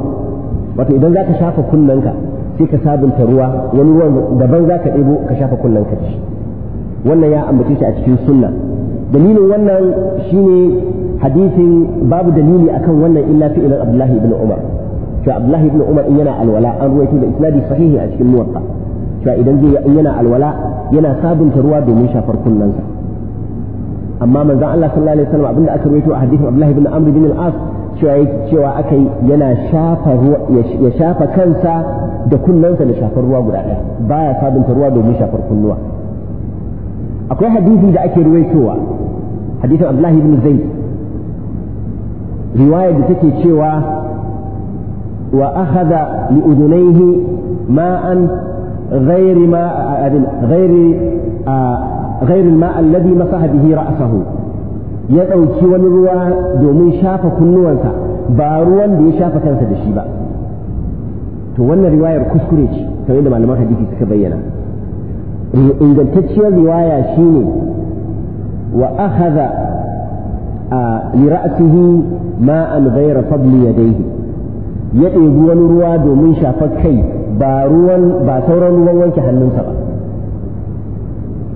wato idan zaka shafa kunnanka sai ka sabunta ruwa wani ruwan daban zaka ɗebo ka shafa kunnanka da shi wannan ya ambace shi a cikin sunna dalilin wannan shine hadisin babu dalili akan wannan illa fi ilan Abdullahi ibn Umar cewa Abdullahi ibn Umar in yana alwala an ruwaito da isnadi sahihi a cikin muwatta cewa idan zai in yana alwala yana sabunta ruwa domin shafar kunnansa amma manzon Allah sallallahu alaihi wasallam abinda aka ruwaito a hadisin Abdullahi ibn Amr bin al-As cewa cewa aka yana shafa ya shafa kansa da kunnansa da shafar ruwa guda ɗaya baya sabunta ruwa domin shafar kunnuwa akwai hadisi da ake ruwaitowa hadisin Abdullahi ibn Zaid riwaya da take cewa وأخذ لأذنيه ماء غير ماء غير آه، غير الماء الذي مسح به رأسه يدعو كيوى الروا دومي شاف كنوا انسا باروا دي شاف كنسا دشيبا تولى رواية كسكريج فإن ما لم أحد يكيس كبينا إن قلت تشيوى رواية شيني وأخذ آه، لرأسه ماء غير فضل يديه ya ɗebi wani ruwa domin shafar kai ba ruwan ba sauran ruwan wanke hannunsa ba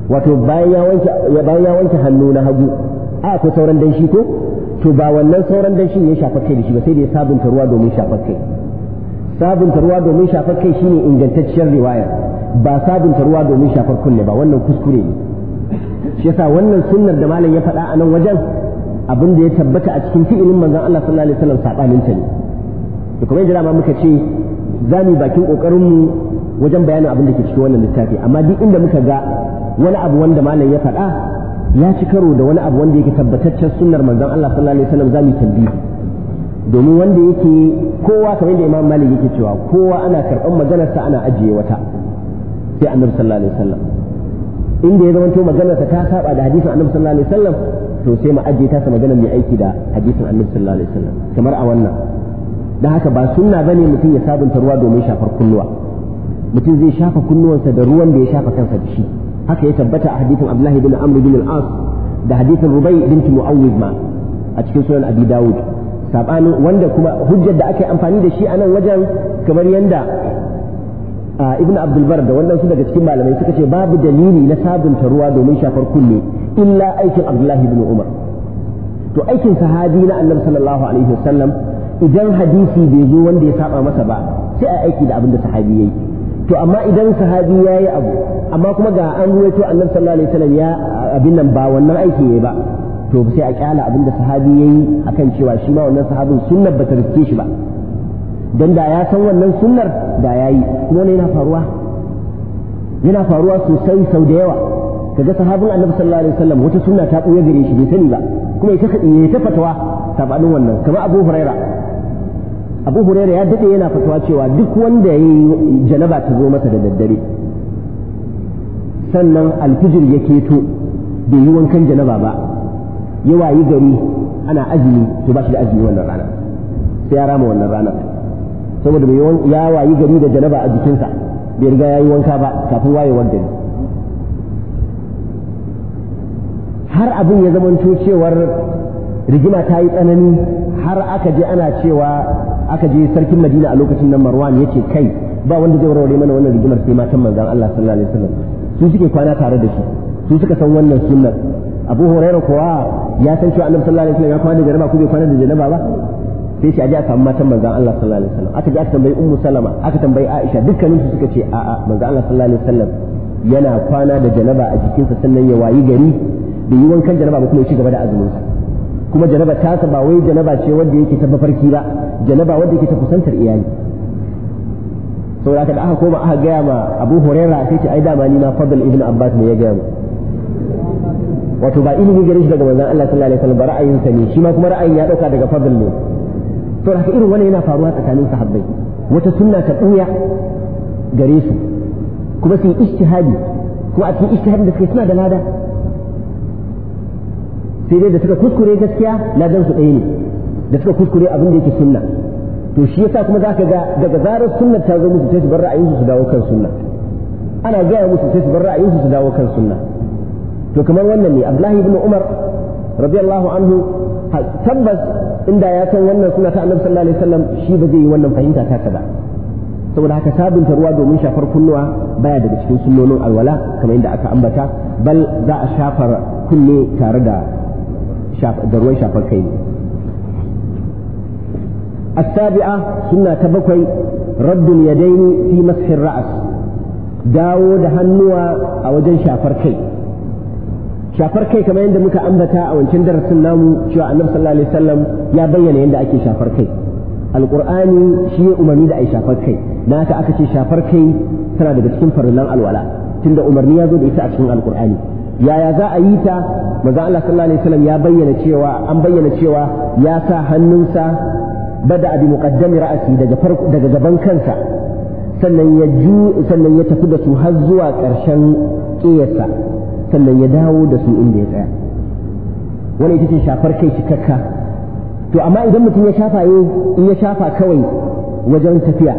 wato bayan ya wanke hannu na hagu a ko sauran danshi ko to ba wannan sauran danshi ya shafa kai da shi ba sai da ya sabunta ruwa domin shafar kai sabunta ruwa domin shafar kai shine ingantacciyar riwaya ba sabunta ruwa domin shafar kunne ba wannan kuskure ne shi yasa wannan sunnar da malam ya faɗa a nan wajen abin da ya tabbata a cikin fi'ilin manzon Allah sallallahu alaihi wasallam sabanin ta ne da kamar yadda ma muka ce za mu bakin kokarin wajen bayanin abin da ke cikin wannan littafi amma duk inda muka ga wani abu wanda malam ya faɗa ya ci karo da wani abu wanda yake tabbataccen sunnar manzon Allah sallallahu alaihi wasallam za mu tambayi domin wanda yake kowa kamar da Imam Malik yake cewa kowa ana karɓar maganarsa ana ajiye wata sai Annabi sallallahu alaihi wasallam inda ya zamanto maganarsa ta saba da hadisin Annabi sallallahu alaihi wasallam to sai mu ajiye ta sa maganar mai aiki da hadisin Annabi sallallahu alaihi wasallam kamar a wannan da haka ba sunna ne mutum ya sabunta ruwa domin shafar kunnuwa mutum zai shafa kunnuwansa da ruwan da ya shafa kansa da shi haka ya tabbata a hadithin Abdullahi bin Amr bin al-As da hadithin Rubai binti mu'awwid ma a cikin sunan Abi Dawud sabanin wanda kuma hujjar da aka yi amfani da shi a nan wajen kamar yanda ibn abdulbar da wannan su daga cikin malamai suka ce babu dalili na sabunta ruwa domin shafar kunne illa aikin abdullahi ibn umar to aikin sahabi na annabi sallallahu alaihi wasallam idan hadisi bai zo wanda ya saba masa ba sai a aiki da abin da sahabi yayi to amma idan sahabi yayi abu amma kuma ga an ruwaito annabi sallallahu alaihi wasallam ya abin nan ba wannan aiki yayi ba to sai a kyala abin da sahabi yayi akan cewa shi ma wannan sahabin sunnar ba ta riske shi ba dan da ya san wannan sunnar da yayi kuma ne yana faruwa yana faruwa sosai sau da yawa kaga sahabin annabi sallallahu alaihi wasallam wata sunna ta buya gare shi bai sani ba kuma ya ta fatawa sabanin wannan kamar abu huraira abu huraira ya dade yana fatawa cewa duk wanda ya yi janaba ta zo masa da daddare sannan alfijir ya keto bai yi wankan janaba ba ya wayi gari ana azumi to ba shi da azumi wannan rana sai ya rama wannan rana saboda ya wayi gari da janaba a jikinsa bai riga ya yi wanka ba kafin wayewar gari har abin ya zamanto cewar rigima ta yi tsanani har aka je ana cewa aka je sarkin madina a lokacin nan marwan ya ce kai ba wanda zai warware mana wannan rigimar sai matan manzan Allah sallallahu alaihi wasallam su suke kwana tare da shi su suka san wannan sunnar abu huraira kuwa ya san cewa annabi sallallahu alaihi wasallam ya kwana da jaraba ko bai kwana da jaraba ba sai shi aje a samu matan manzan Allah sallallahu alaihi wasallam aka je aka tambayi ummu salama aka tambayi aisha dukkanin su suka ce a'a manzan Allah sallallahu alaihi wasallam yana kwana da janaba a jikinsa sannan ya wayi gari da yi wankan janaba ba kuma ya ci gaba da azumin sa kuma janaba ta ba wai janaba ce wanda yake ta mafarki ba janaba wanda yake ta kusantar iyali saboda haka da aka koma aka gaya ma Abu Huraira sai ce ai dama ni ma Fadl ibn Abbas ne ya gaya mu wato ba ilimi gare shi daga manzon Allah sallallahu alaihi wasallam ba ra'ayin sa ne shi ma kuma ra'ayin ya dauka daga Fadl ne saboda haka irin wannan yana faruwa tsakanin sahabbai wata sunna ta ɓuya gare su kuma su yi ijtihadi kuma a cikin ijtihadin da suke suna da lada sai dai da suka kuskure gaskiya na gan su ɗaya ne da suka kuskure abin da yake sunna to shi yasa kuma zaka ga daga zarar sunna ta zo musu sai su bar ra'ayin su su dawo kan sunna ana gaya musu sai su bar ra'ayin su su dawo kan sunna to kamar wannan ne Abdullahi ibn Umar radiyallahu anhu tabbas inda ya san wannan suna ta Annabi sallallahu alaihi wasallam shi ba zai yi wannan fahimta ta ka ba saboda haka sabunta ruwa domin shafar kunnuwa baya daga cikin sunnonin alwala kamar yadda aka ambata bal za a shafar kunne tare da da ruwan shafar kai sunna ta bakwai رد اليدين في مسح ra'as dawo da hannuwa a wajen shafar kai shafar kai kamar yadda muka ambata a wancan darasin namu cewa annabi sallallahu alaihi wasallam ya bayyana yadda ake shafar kai alqur'ani shi ya umarni da ai shafar kai na aka ce shafar kai tana daga cikin farillan alwala tunda umarni ya zo da ita a cikin alqur'ani yaya za a yi ta maza Allah sallallahu alaihi wasallam ya bayyana cewa an bayyana cewa ya sa hannunsa bada abi muqaddami ra'asi daga farko daga gaban kansa sannan ya ju sannan ya tafi da su har zuwa ƙarshen ƙiyarsa sannan ya dawo da su inda ya tsaya wani ita ce shafar kai cikakka to amma idan mutum ya shafa eh, in ya shafa kawai wajen tafiya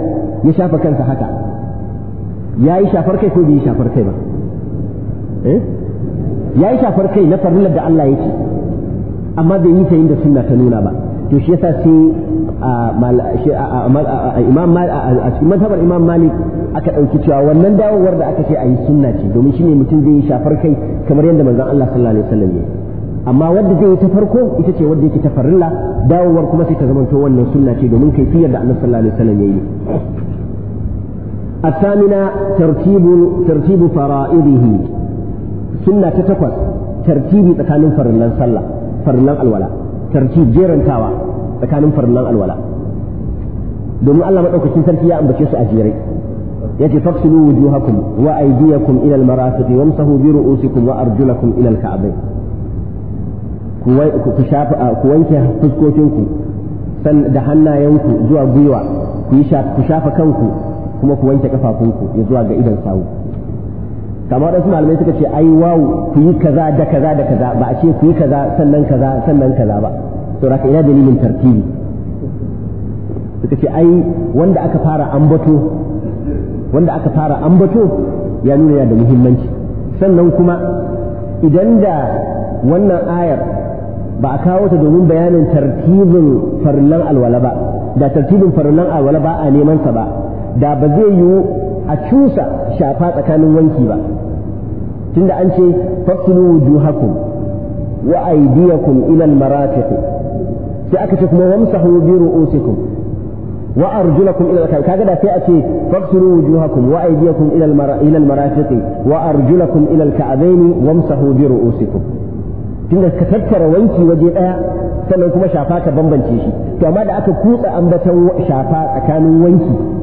ya shafa kansa haka ya yi shafar kai ko bai yi shafar kai ba eh ya yi shafar kai na farillar da Allah ce amma bai yi ta yin da sunna ta nuna ba to shi yasa sai imam a cikin mazhabar imam malik aka ɗauki cewa wannan dawowar da aka ce a yi sunna ce domin shi ne mutum zai yi shafar kai kamar yadda manzon Allah sallallahu alaihi wasallam ya amma wadda zai yi ta farko ita ce wadda yake ta farilla dawowar kuma sai ta zamanta wannan sunna ce domin kaifiyar da Allah sallallahu alaihi wasallam ya yi الثامنة ترتيب ترتيب فرائضه sunna ta takwas tartibi tsakanin farillan sallah farillan alwala tartib jerantawa tsakanin farillan alwala domin Allah madaukakin sarki ya ambace su a jere yace faksilu wujuhakum wa aydiyakum ila almarafiq wamsahu bi ru'usikum wa arjulakum ila alka'bayn ku shafa ku wanke fuskokinku san da hannayenku zuwa gwiwa ku shafa kanku kuma ku wanke kafafunku ya zuwa ga idan sawu kamar wasu malamai suka ce ai wawu ku yi kaza da kaza da kaza ba a ce ku yi kaza sannan kaza sannan kaza ba to raka ina dalilin tartibi suka ce ai wanda aka fara ambato wanda aka fara ambato ya nuna yana da muhimmanci sannan kuma idan da wannan ayar ba a kawo ta domin bayanin tartibin farillan alwala ba da tartibin farillan alwala ba a neman sa ba da ba zai yiwu a cusa shafa tsakanin wanki ba tunda an ce fasilu wujuhakum wa aydiyakum ila almarafiq sai aka ce kuma wamsahu bi ru'usikum wa arjulakum ila alka'b kaga da sai a ce fasilu wujuhakum wa aydiyakum ila ila almarafiq wa arjulakum ila alka'bayn wamsahu bi ru'usikum tunda ka tattara wanki waje daya sannan kuma shafa bambance shi to amma da aka kutsa ambaton shafa tsakanin wanki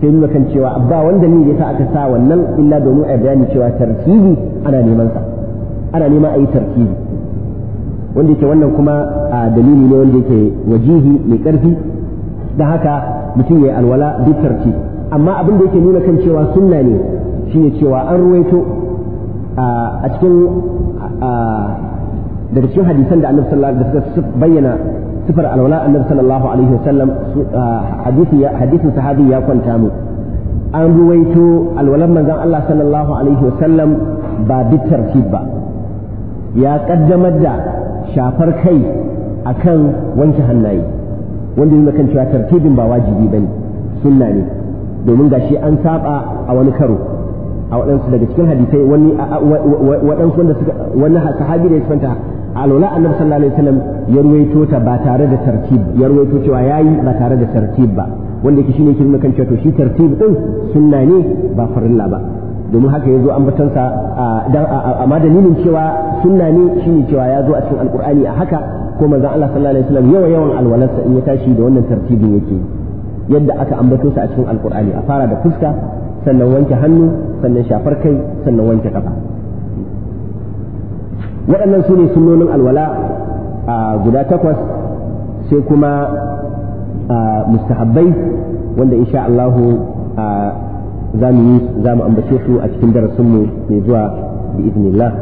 sai nuna kan cewa ba wanda ne sa aka sa wannan illa domin a bayani cewa tarkibi ana neman sa ana neman a yi tartibi wanda yake wannan kuma a dalili ne wanda yake wajihi mai karfi da haka mutum ya yi alwala duk tarki amma abin da yake nuna kan cewa sunna ne shine cewa an ruwaito a cikin daga cikin hadisan da annabi sallallahu alaihi wasallam bayyana sifar alwala annabi sallallahu alaihi wasallam ah, hadisin sahabi ya kwanta mu an ruwaito alwalan manzon Allah sallallahu alaihi wasallam ba bitartib ba ya kaddamar da shafar kai akan wanke hannaye wanda yana kan cewa tartibin ba wajibi bane sunna ne domin gashi an saba a wani karo a waɗansu daga cikin hadisai wani waɗansu wanda suka wani sahabi da ya kwanta alwala annabi sallallahu alaihi wasallam ya ruwaito ta ba tare da tartib ya ruwaito cewa yayi ba tare da tartib ba wanda yake shine kirma kan cewa to shi tartib din sunna ne ba farilla ba domin haka yazo ambatan sa dan amma dalilin cewa sunna ne shine cewa yazo a cikin alqur'ani a haka ko manzon Allah sallallahu alaihi wasallam yawa yawan alwalarsa in ya tashi da wannan tartibin yake yadda aka ambato sa a cikin alqur'ani a fara da fuska sannan wanke hannu sannan shafar kai sannan wanke kafa waɗannan su ne sunnonin alwala a guda takwas sai kuma mustahabbai wanda insha Allahu za mu za mu ambace su a cikin darasinmu mai zuwa bi idnillah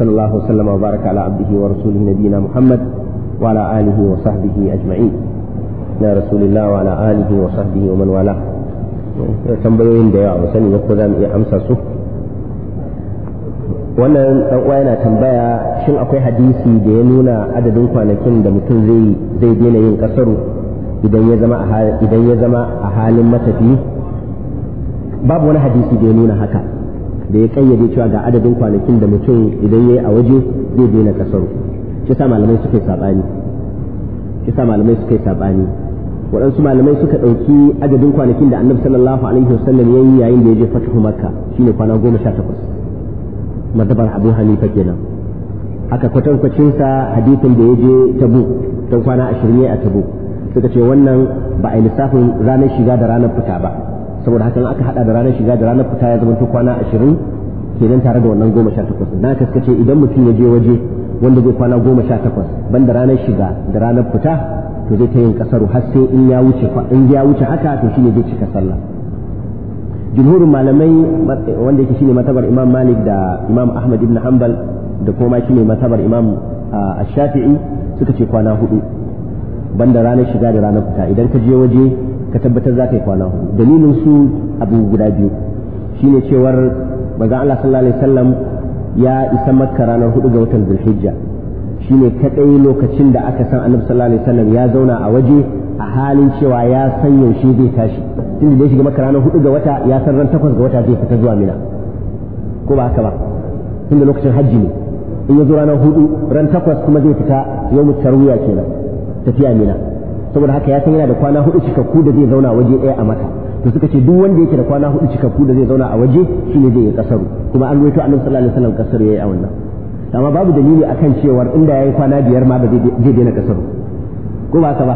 sallallahu alaihi wa baraka ala abdihi wa rasulihi nabiyina muhammad wa ala alihi wa sahbihi ajma'in na rasulillah wa ala alihi wa sahbihi wa man wala tambayoyin da yawa ba sani ba ko za mu iya amsa su wannan dan uwa yana tambaya shin akwai hadisi da ya nuna adadin kwanakin da mutum zai zai daina yin kasaru idan ya zama a idan ya zama a halin matafi babu wani hadisi da ya nuna haka da ya kayyade cewa ga adadin kwanakin da mutum idan yayi a waje zai daina kasaru shi sa malamai yi sabani shi sa malamai yi sabani waɗansu malamai suka ɗauki adadin kwanakin da annabi sallallahu alaihi wasallam ya yi yayin da ya je fatihu makka shine kwana goma sha takwas madabar abu hanifa kenan aka kwatankwacin sa hadisin da ya je tabu don kwana ashirin a tabu suka ce wannan ba a lissafin ranar shiga da ranar fita ba saboda hakan aka hada da ranar shiga da ranar fita ya zama kwana ashirin kenan tare da wannan goma sha takwas na kaska ce idan mutum ya je waje wanda zai kwana goma sha takwas banda ranar shiga da ranar fita to zai ta yin kasaru har sai in ya wuce in ya wuce haka to shine zai cika sallah jumhur malamai wanda yake shine matabar imam malik da imam ahmad ibn hanbal da kuma shine matabar imam ash-shafi'i suka ce kwana hudu banda ranar shiga da ranar fita idan ka je waje ka tabbatar za ka yi kwana hudu dalilin su abu guda biyu shine cewar manzo Allah sallallahu alaihi wasallam ya isa makka ranar hudu ga watan zulhijja shine kadai lokacin da aka san annabi sallallahu alaihi wasallam ya zauna a waje a halin cewa ya san yaushe zai tashi tun da ya shiga maka ranar hudu ga wata ya san ran takwas ga wata zai fita zuwa mina ko ba haka ba tun da lokacin hajji ne in ya zo ranar hudu ran takwas kuma zai fita yau mu tarwiya kenan tafiya mina saboda haka ya san yana da kwana hudu cikakku da zai zauna waje ɗaya a maka to suka ce duk wanda yake da kwana hudu cikakku da zai zauna a waje shi ne zai yi kasaru kuma an ruwaito annabi sallallahu alaihi wasallam kasaru yayi a wannan amma babu dalili akan cewar inda yayi kwana biyar ma ba zai daina kasaru ko ba ka ba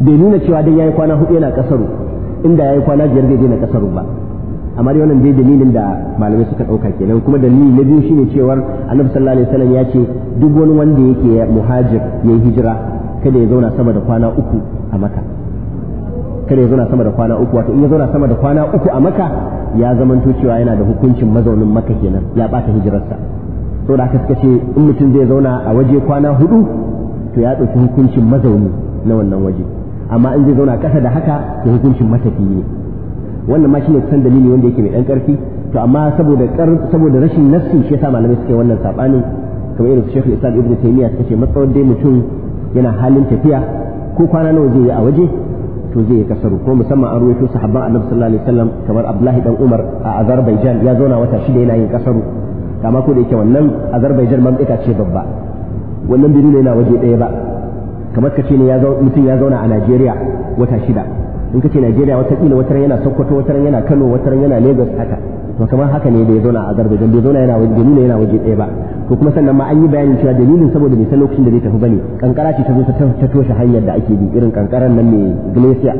bai nuna cewa dan yayi kwana hudu yana kasaru inda yayi kwana biyar zai daina kasar ba amma dai wannan dai dalilin da malamai suka ɗauka kenan kuma dalili na biyu shine cewar annabi sallallahu alaihi wasallam ya ce duk wani wanda yake muhajir yayi hijira kada ya zauna sama da kwana uku a maka kada ya zauna sama da kwana uku wato in ya zauna sama da kwana uku a maka ya zamanto cewa yana da hukuncin mazaunin maka kenan ya bata hijirarsa to haka suka ce in mutum zai zauna a waje kwana hudu to ya ɗauki hukuncin mazauni na wannan waje amma in zai zauna kasa da haka to hukuncin matafi ne wannan ma shine san dalili wanda yake mai dan karfi to amma saboda saboda rashin nafsi shi yasa malamai suke wannan sabanin kamar irin Sheikh Islam Ibn Taymiyyah suka ce matsawar dai mutum yana halin tafiya ko kwana nawa zai yi a waje to zai yi kasaru ko musamman an ruwaito sahabban Annabi sallallahu alaihi wasallam kamar Abdullahi dan Umar a Azerbaijan ya zauna wata shida yana yin kasaru kama ko da yake wannan Azerbaijan mamlaka ce babba wannan bai ne yana waje ɗaya ba kamar ka ce ne mutum ya zauna a Najeriya wata shida in ka ce Najeriya watakila wata yana Sokoto wata yana Kano wata yana Lagos haka to kamar haka ne da ya zauna a Azerbaijan bai zauna yana waje dalilin yana waje ɗaya ba to kuma sannan ma an yi bayanin cewa dalilin saboda bai san lokacin da zai tafi bane kankara ce ta zo ta toshe hanyar da ake bi irin kankaran nan mai glacier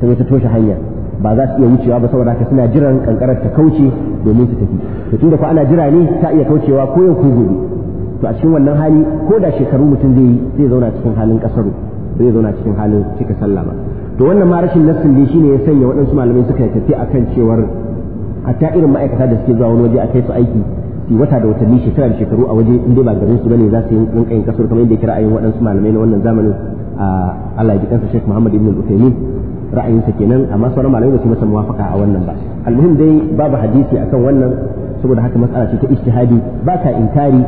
ta zo ta toshe hanyar ba za su iya wucewa ba saboda haka suna jiran kankarar ta kauce domin su tafi to tunda ko ana jira ne ta iya kaucewa ko ya ko gobe to a cikin wannan hali ko da shekaru mutum zai yi zai zauna cikin halin kasaru zai zauna cikin halin cika sallah ba to wannan ma rashin nassin ne shine ya sanya waɗansu malamai suka tafi akan cewar hatta irin ma'aikata da suke zuwa wani waje a kai su aiki su wata da watanni shekara da shekaru a waje in dai ba garin su bane za su yi rinka yin kasar kamar yadda yake ra'ayin waɗansu malamai na wannan zamanin a Allah ya ji kansa Sheikh Muhammad ibn al-Uthaymeen ra'ayinsa kenan amma sauran malamai ba su masa muwafaka a wannan ba almuhim dai babu hadisi akan wannan saboda haka matsala ce ta ijtihadi ba ka inkari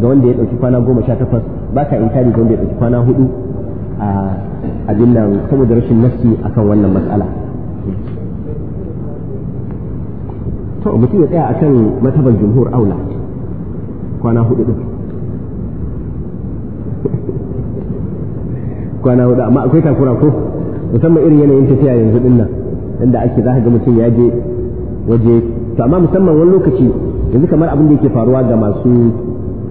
ga wanda ya dauki kwana goma sha takwas ba ka inkari ga wanda ya dauki kwana hudu a abin nan saboda rashin nafsi akan wannan matsala to mutum ya tsaya akan matabar jumhur aula kwana hudu din kwana hudu amma akwai takura ko musamman irin yanayin tafiya yanzu din nan inda ake za ka ga mutum ya je waje to amma musamman wani lokaci yanzu kamar abin da yake faruwa ga masu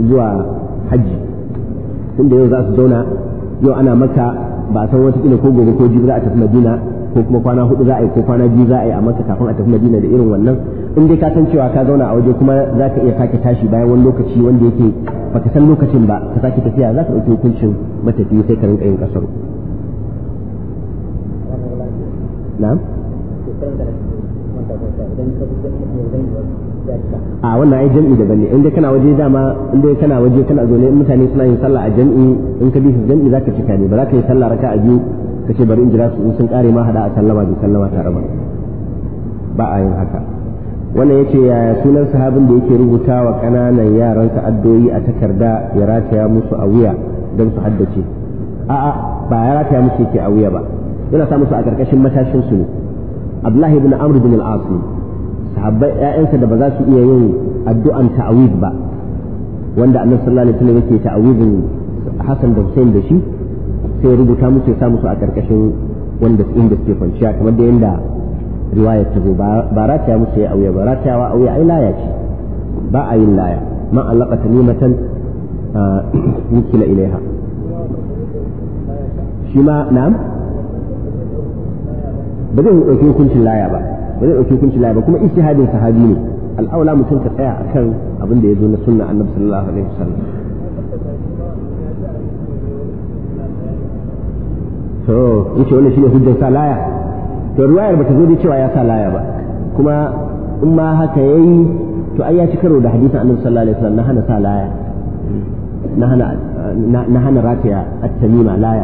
zuwa hajji tunda yau za su zauna yau ana maka ba san wata kila ko gobe ko jibi za a tafi madina ko kuma kwana hudu za a yi ko kwana biyu za a yi a maka kafin a tafi madina da irin wannan in dai ka san cewa ka zauna a waje kuma za ka iya sake tashi bayan wani lokaci wanda yake baka san lokacin ba ka sake tafiya za ka ɗauki hukuncin matafiya sai ka rinka yin kasar na'am a wannan ai jam'i da ne inda kana waje dama inda kana waje kana zo ne mutane suna yin sallah a jam'i in ka bi su jam'i zaka cika ne ba za ka yi sallah raka'a biyu ka ce bari in jira su sun kare ma hada a sallama da sallama tare ba ba a yin haka wannan yace ya sunan sahabin da yake rubutawa wa kananan yaransa addoyi a takarda ya rataya musu a wuya dan su haddace a a ba ya rataya musu yake a wuya ba yana sa musu a karkashin matashin su ne Abdullahi ibn Amr ibn al asim sahabbai ƴaƴansa da ba za su iya yin addu'an ta'awiz ba wanda annabi sallallahu alaihi wasallam yake ta'awizin Hassan da Hussein da shi sai rubuta musu ya sa musu a karkashin wanda inda suke kwanciya kamar da yanda riwaya ta zo ba rataya musu ya auya ba wa auya ai laya ce ba a yin laya man allaka tamimatan wukila ilaiha shi ma na'am ba zai ɗauki hukuncin laya ba ba zai ɗauki hukunci laya ba kuma ijtihadin sahabi ne al'aula mutum ka tsaya akan abin da ya zo na sunna annabi sallallahu alaihi wasallam to yace wannan shine hujjar sa laya to ruwayar bata zo da cewa ya sa laya ba kuma in ma haka yayi to ai ya ci karo da hadisin annabi sallallahu alaihi wasallam na hana sa laya na hana na hana rataya at-tamima laya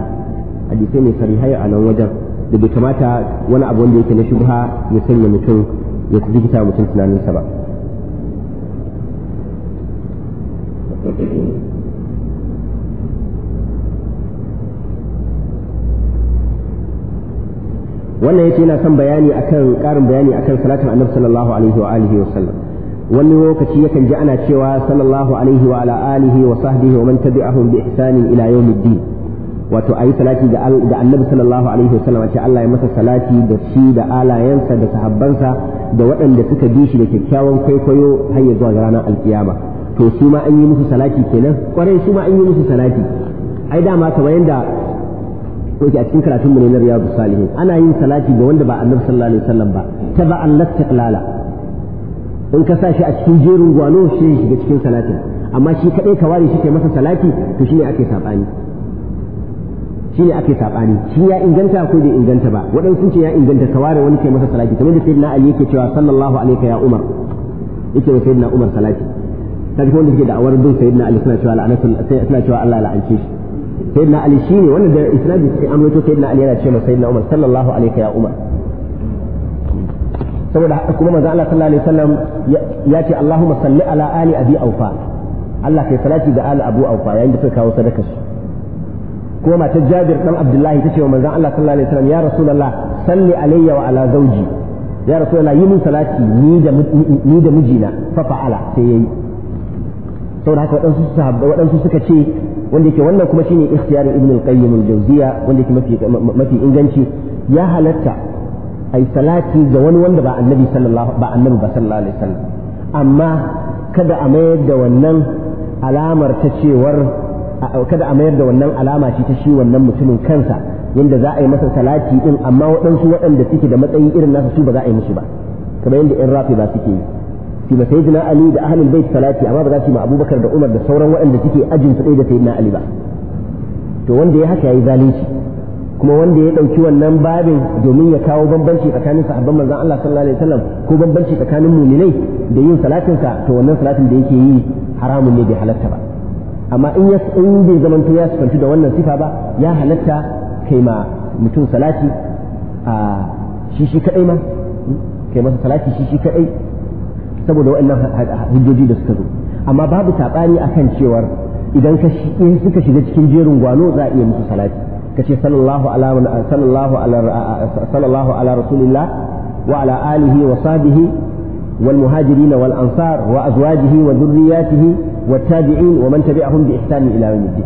hadisai ne sarihai a nan wajen da bai kamata wani abu wanda yake na shubha ya sanya mutum ya jikita mutum tunaninsa ba wannan yace yana son bayani akan karin bayani akan salatin annabi sallallahu alaihi wa alihi wa sallam wani lokaci yakan ji ana cewa sallallahu alaihi wa ala alihi wa sahbihi wa man tabi'ahum bi ihsanin ila yawmiddin wato ayi salati da annabi sallallahu alaihi wasallam ce Allah ya masa salati da shi da alayensa da sahabbansa da waɗanda suka bi shi da kyakkyawan kwaikwayo har ya zuwa ranar alkiyama to su ma an yi musu salati kenan kwarai su ma an yi musu salati ai dama kamar yadda yake a cikin karatun mu ne na riyadu salihin ana yin salati ga wanda ba annabi sallallahu alaihi wasallam ba ta ba Allah taqlala in ka sa shi a cikin jerin gwano shi shiga cikin salatin amma shi kadai ka ware shi ke masa salati to shine ake sabani shine ake saɓani shi ya inganta ko bai inganta ba waɗansu ce ya inganta ka ware wani kai masa salati kamar da na ali yake cewa sallallahu alaihi ya umar yake wa sayyidina umar salati sai kuma wanda suke da'awar bin sayyidina ali suna cewa la'anatu suna cewa Allah la'ance shi sayyidina ali shine wanda da isnadi sai an rawaito sayyidina ali yana cewa sayyidina umar sallallahu alaihi ya umar saboda haka kuma manzo Allah sallallahu alaihi wasallam ya ce Allahumma salli ala ali abi aufa Allah kai salati ga ali abu aufa yayin da suka kawo sadaka shi ko matar Jabir dan Abdullahi ce wa manzon Allah sallallahu alaihi wasallam ya Rasulullah salli alayya wa ala zawji ya Rasulullah yi min salati ni da ni da mijina fa fa'ala sai yayi saboda haka wadansu sahabbai wadansu suka ce wanda yake wannan kuma shine ikhtiyarin Ibn al-Qayyim al-Jawziya wanda yake mafi mafi inganci ya halatta ai salati ga wani wanda ba annabi sallallahu ba annabi ba sallallahu alaihi wasallam amma kada a mayar da wannan alamar ta cewar kada a mayar da wannan alama shi ta shi wannan mutumin kansa yadda za a yi masa salati din amma waɗansu waɗanda suke da matsayi irin nasu su ba za a yi musu ba kamar yadda in rafi ba suke yi fi ma sayyidina ali da ahlul bait salati amma ba za su yi ma abubakar da umar da sauran waɗanda suke ajin su da sayyidina ali ba to wanda ya haka yayi zalunci kuma wanda ya ɗauki wannan babin domin ya kawo bambanci tsakanin sahabban manzon Allah sallallahu alaihi wasallam ko bambanci tsakanin muminai da yin salatinsa to wannan salatin da yake yi haramun ne bai halatta ba amma in ya in bai to ya sifanci da wannan sifa ba ya halatta kai ma mutum salati a shi shi kadai ma kai masa salati shi shi kadai saboda waɗannan hujjoji da suka zo amma babu sabani akan cewar idan ka in suka shiga cikin jerin gwano za a iya musu salati kace sallallahu ala sallallahu ala sallallahu ala rasulillah wa ala alihi wa sahbihi والمهاجرين والأنصار وأزواجه وذرياته والتابعين ومن تبعهم بإحسان إلى يوم الدين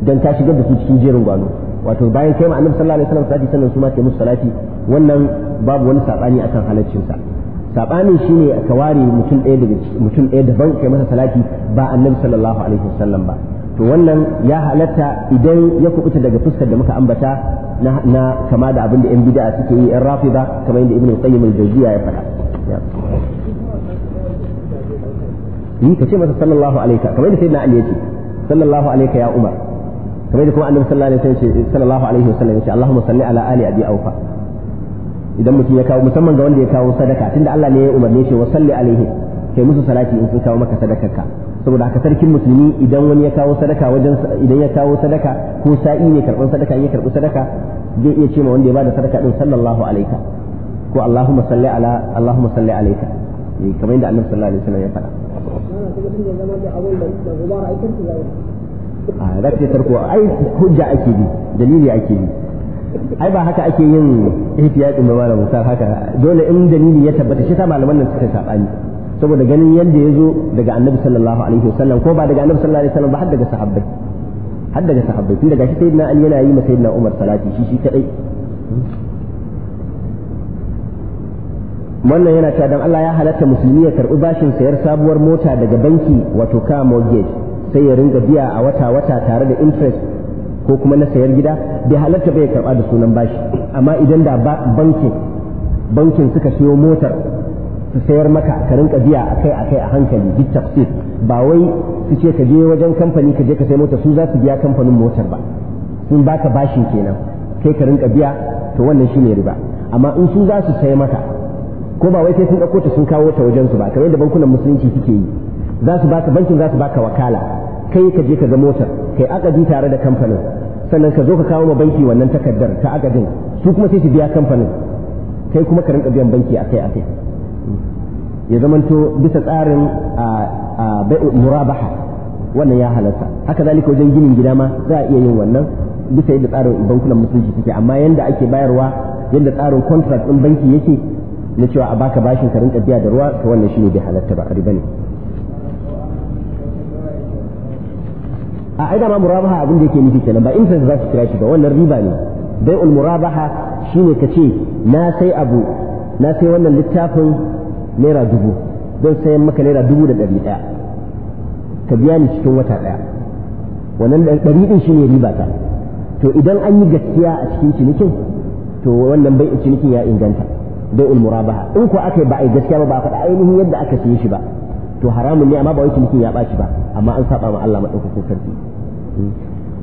dan ta shigar da su cikin jerin gwano wato bayan kai annabi sallallahu alaihi wasallam salati sannan su ma kai musu salati wannan babu wani sabani akan halaccin sa sabanin shine ka ware mutum ɗaya daga mutum ɗaya daban kai masa salati ba annabi sallallahu alaihi wasallam ba to wannan ya halatta idan ya kubuta daga fuskar da muka ambata na kama da abin da yan bid'a suke yi yan rafida kamar yadda ibnu qayyim al-jawziya ya faɗa yi ce masa sallallahu alaihi kamar yadda sayyidina ali yake sallallahu alaihi ya umar kamar yadda kuma annabi sallallahu alaihi wasallam sallallahu alaihi wasallam yace allahumma salli ala ali abi aufa idan mutum ya kawo musamman ga wanda ya kawo sadaka tunda Allah ne ya umarne shi wa salli alaihi kai musu salati in sun kawo maka sadakarka saboda haka sarkin musulmi idan wani ya kawo sadaka wajen idan ya kawo sadaka ko sa'i ne karban sadaka ya karbi sadaka zai iya ce ma wanda ya bada sadaka din sallallahu alaika ko allahumma salli ala allahumma salli alaika eh, kamar yadda annabi sallallahu alaihi wasallam ya faɗa a da ke tarko ai hujja ake bi dalili ake bi ai ba haka ake yin ihtiyadin da malamu musar haka dole in dalili ya tabbata shi ta malaman nan suka sabani saboda ganin yadda ya zo daga annabi sallallahu alaihi wasallam ko ba daga annabi sallallahu alaihi wasallam ba har daga sahabbai har daga sahabbai tun daga shi sayyidina ali yana yi ma sayyidina umar salati shi shi kadai wannan yana cewa dan Allah ya halatta musulmi ya karɓi bashin sayar sabuwar mota daga banki wato ka mortgage sai ya ringa biya a wata wata tare da interest ko kuma na sayar gida bai halatta bai karɓa da sunan bashi amma idan da bankin bankin suka siyo motar su sayar maka ka rinka biya akai akai a hankali bi tafsir ba wai su ce ka je wajen kamfani ka je ka sai mota su za su biya kamfanin motar ba sun baka bashin kenan kai ka rinka biya to wannan shine riba amma in su za su sayar maka ko ba wai sai sun dauko ta sun kawo ta wajen su ba kamar yadda bankunan musulunci suke yi za su baka bankin za su baka wakala kai ka je ka ga motar kai akadi tare da kamfanin sannan ka zo ka kawo ma banki wannan takardar ta akadin su kuma sai su biya kamfanin kai kuma ka rinka biyan banki akai akai ya zamanto bisa tsarin a murabaha wannan ya halatta haka zalika wajen ginin gida ma za a iya yin wannan bisa yadda tsarin bankunan mutunci suke amma yanda ake bayarwa yadda tsarin contract din banki yake na cewa a baka bashin ka rinka biya da ruwa to wannan shine bai halatta ba riba ne a aida ma murabaha abin da yake nufi kenan ba interest za su kira shi ba wannan riba ne bai'ul murabaha shine kace na sai abu na sai wannan littafin naira dubu don sayan maka naira dubu da ɗari ɗaya ka biya ni cikin wata ɗaya wannan ɗari ɗin shi ne riba ta to idan an yi gaskiya a cikin cinikin to wannan bai cinikin ya inganta bai ulmurabaha in ko aka ba a yi gaskiya ba ba a faɗa ainihin yadda aka siye shi ba to haramun ne amma ba wai cinikin ya ɓaci ba amma an saba ma Allah maɗaukakin sarki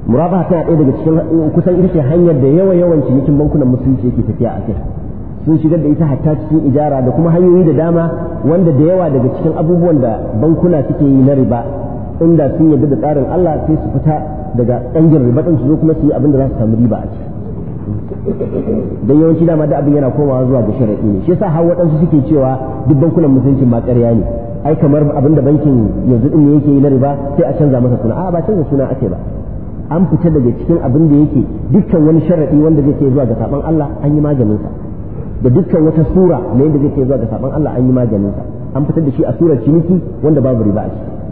murabaha tana ɗaya daga cikin kusan ita ce hanyar da yawa yawan cinikin bankunan musulunci yake tafiya a kai sun shigar da ita hatta cikin ijara da kuma hanyoyi da dama wanda da yawa daga cikin abubuwan da bankuna suke yi na riba inda sun yarda da tsarin Allah sai su fita daga ɗangin riba ɗin su zo kuma su yi abin da za su samu riba a ciki don yawanci dama da abin yana komawa zuwa ga sharaɗi ne shi yasa har waɗansu suke cewa duk bankunan musulunci ma ƙarya ne ai kamar abin da bankin yanzu din ne yake yi na riba sai a canza masa suna a ba canza suna ake ba an fita daga cikin abin da yake dukkan wani sharaɗi wanda zai ke zuwa ga saɓon Allah an yi maganin sa da dukkan wata sura na yadda zai kai zuwa ga saban Allah an yi maganin sa an fitar da shi a surar ciniki wanda babu riba a ciki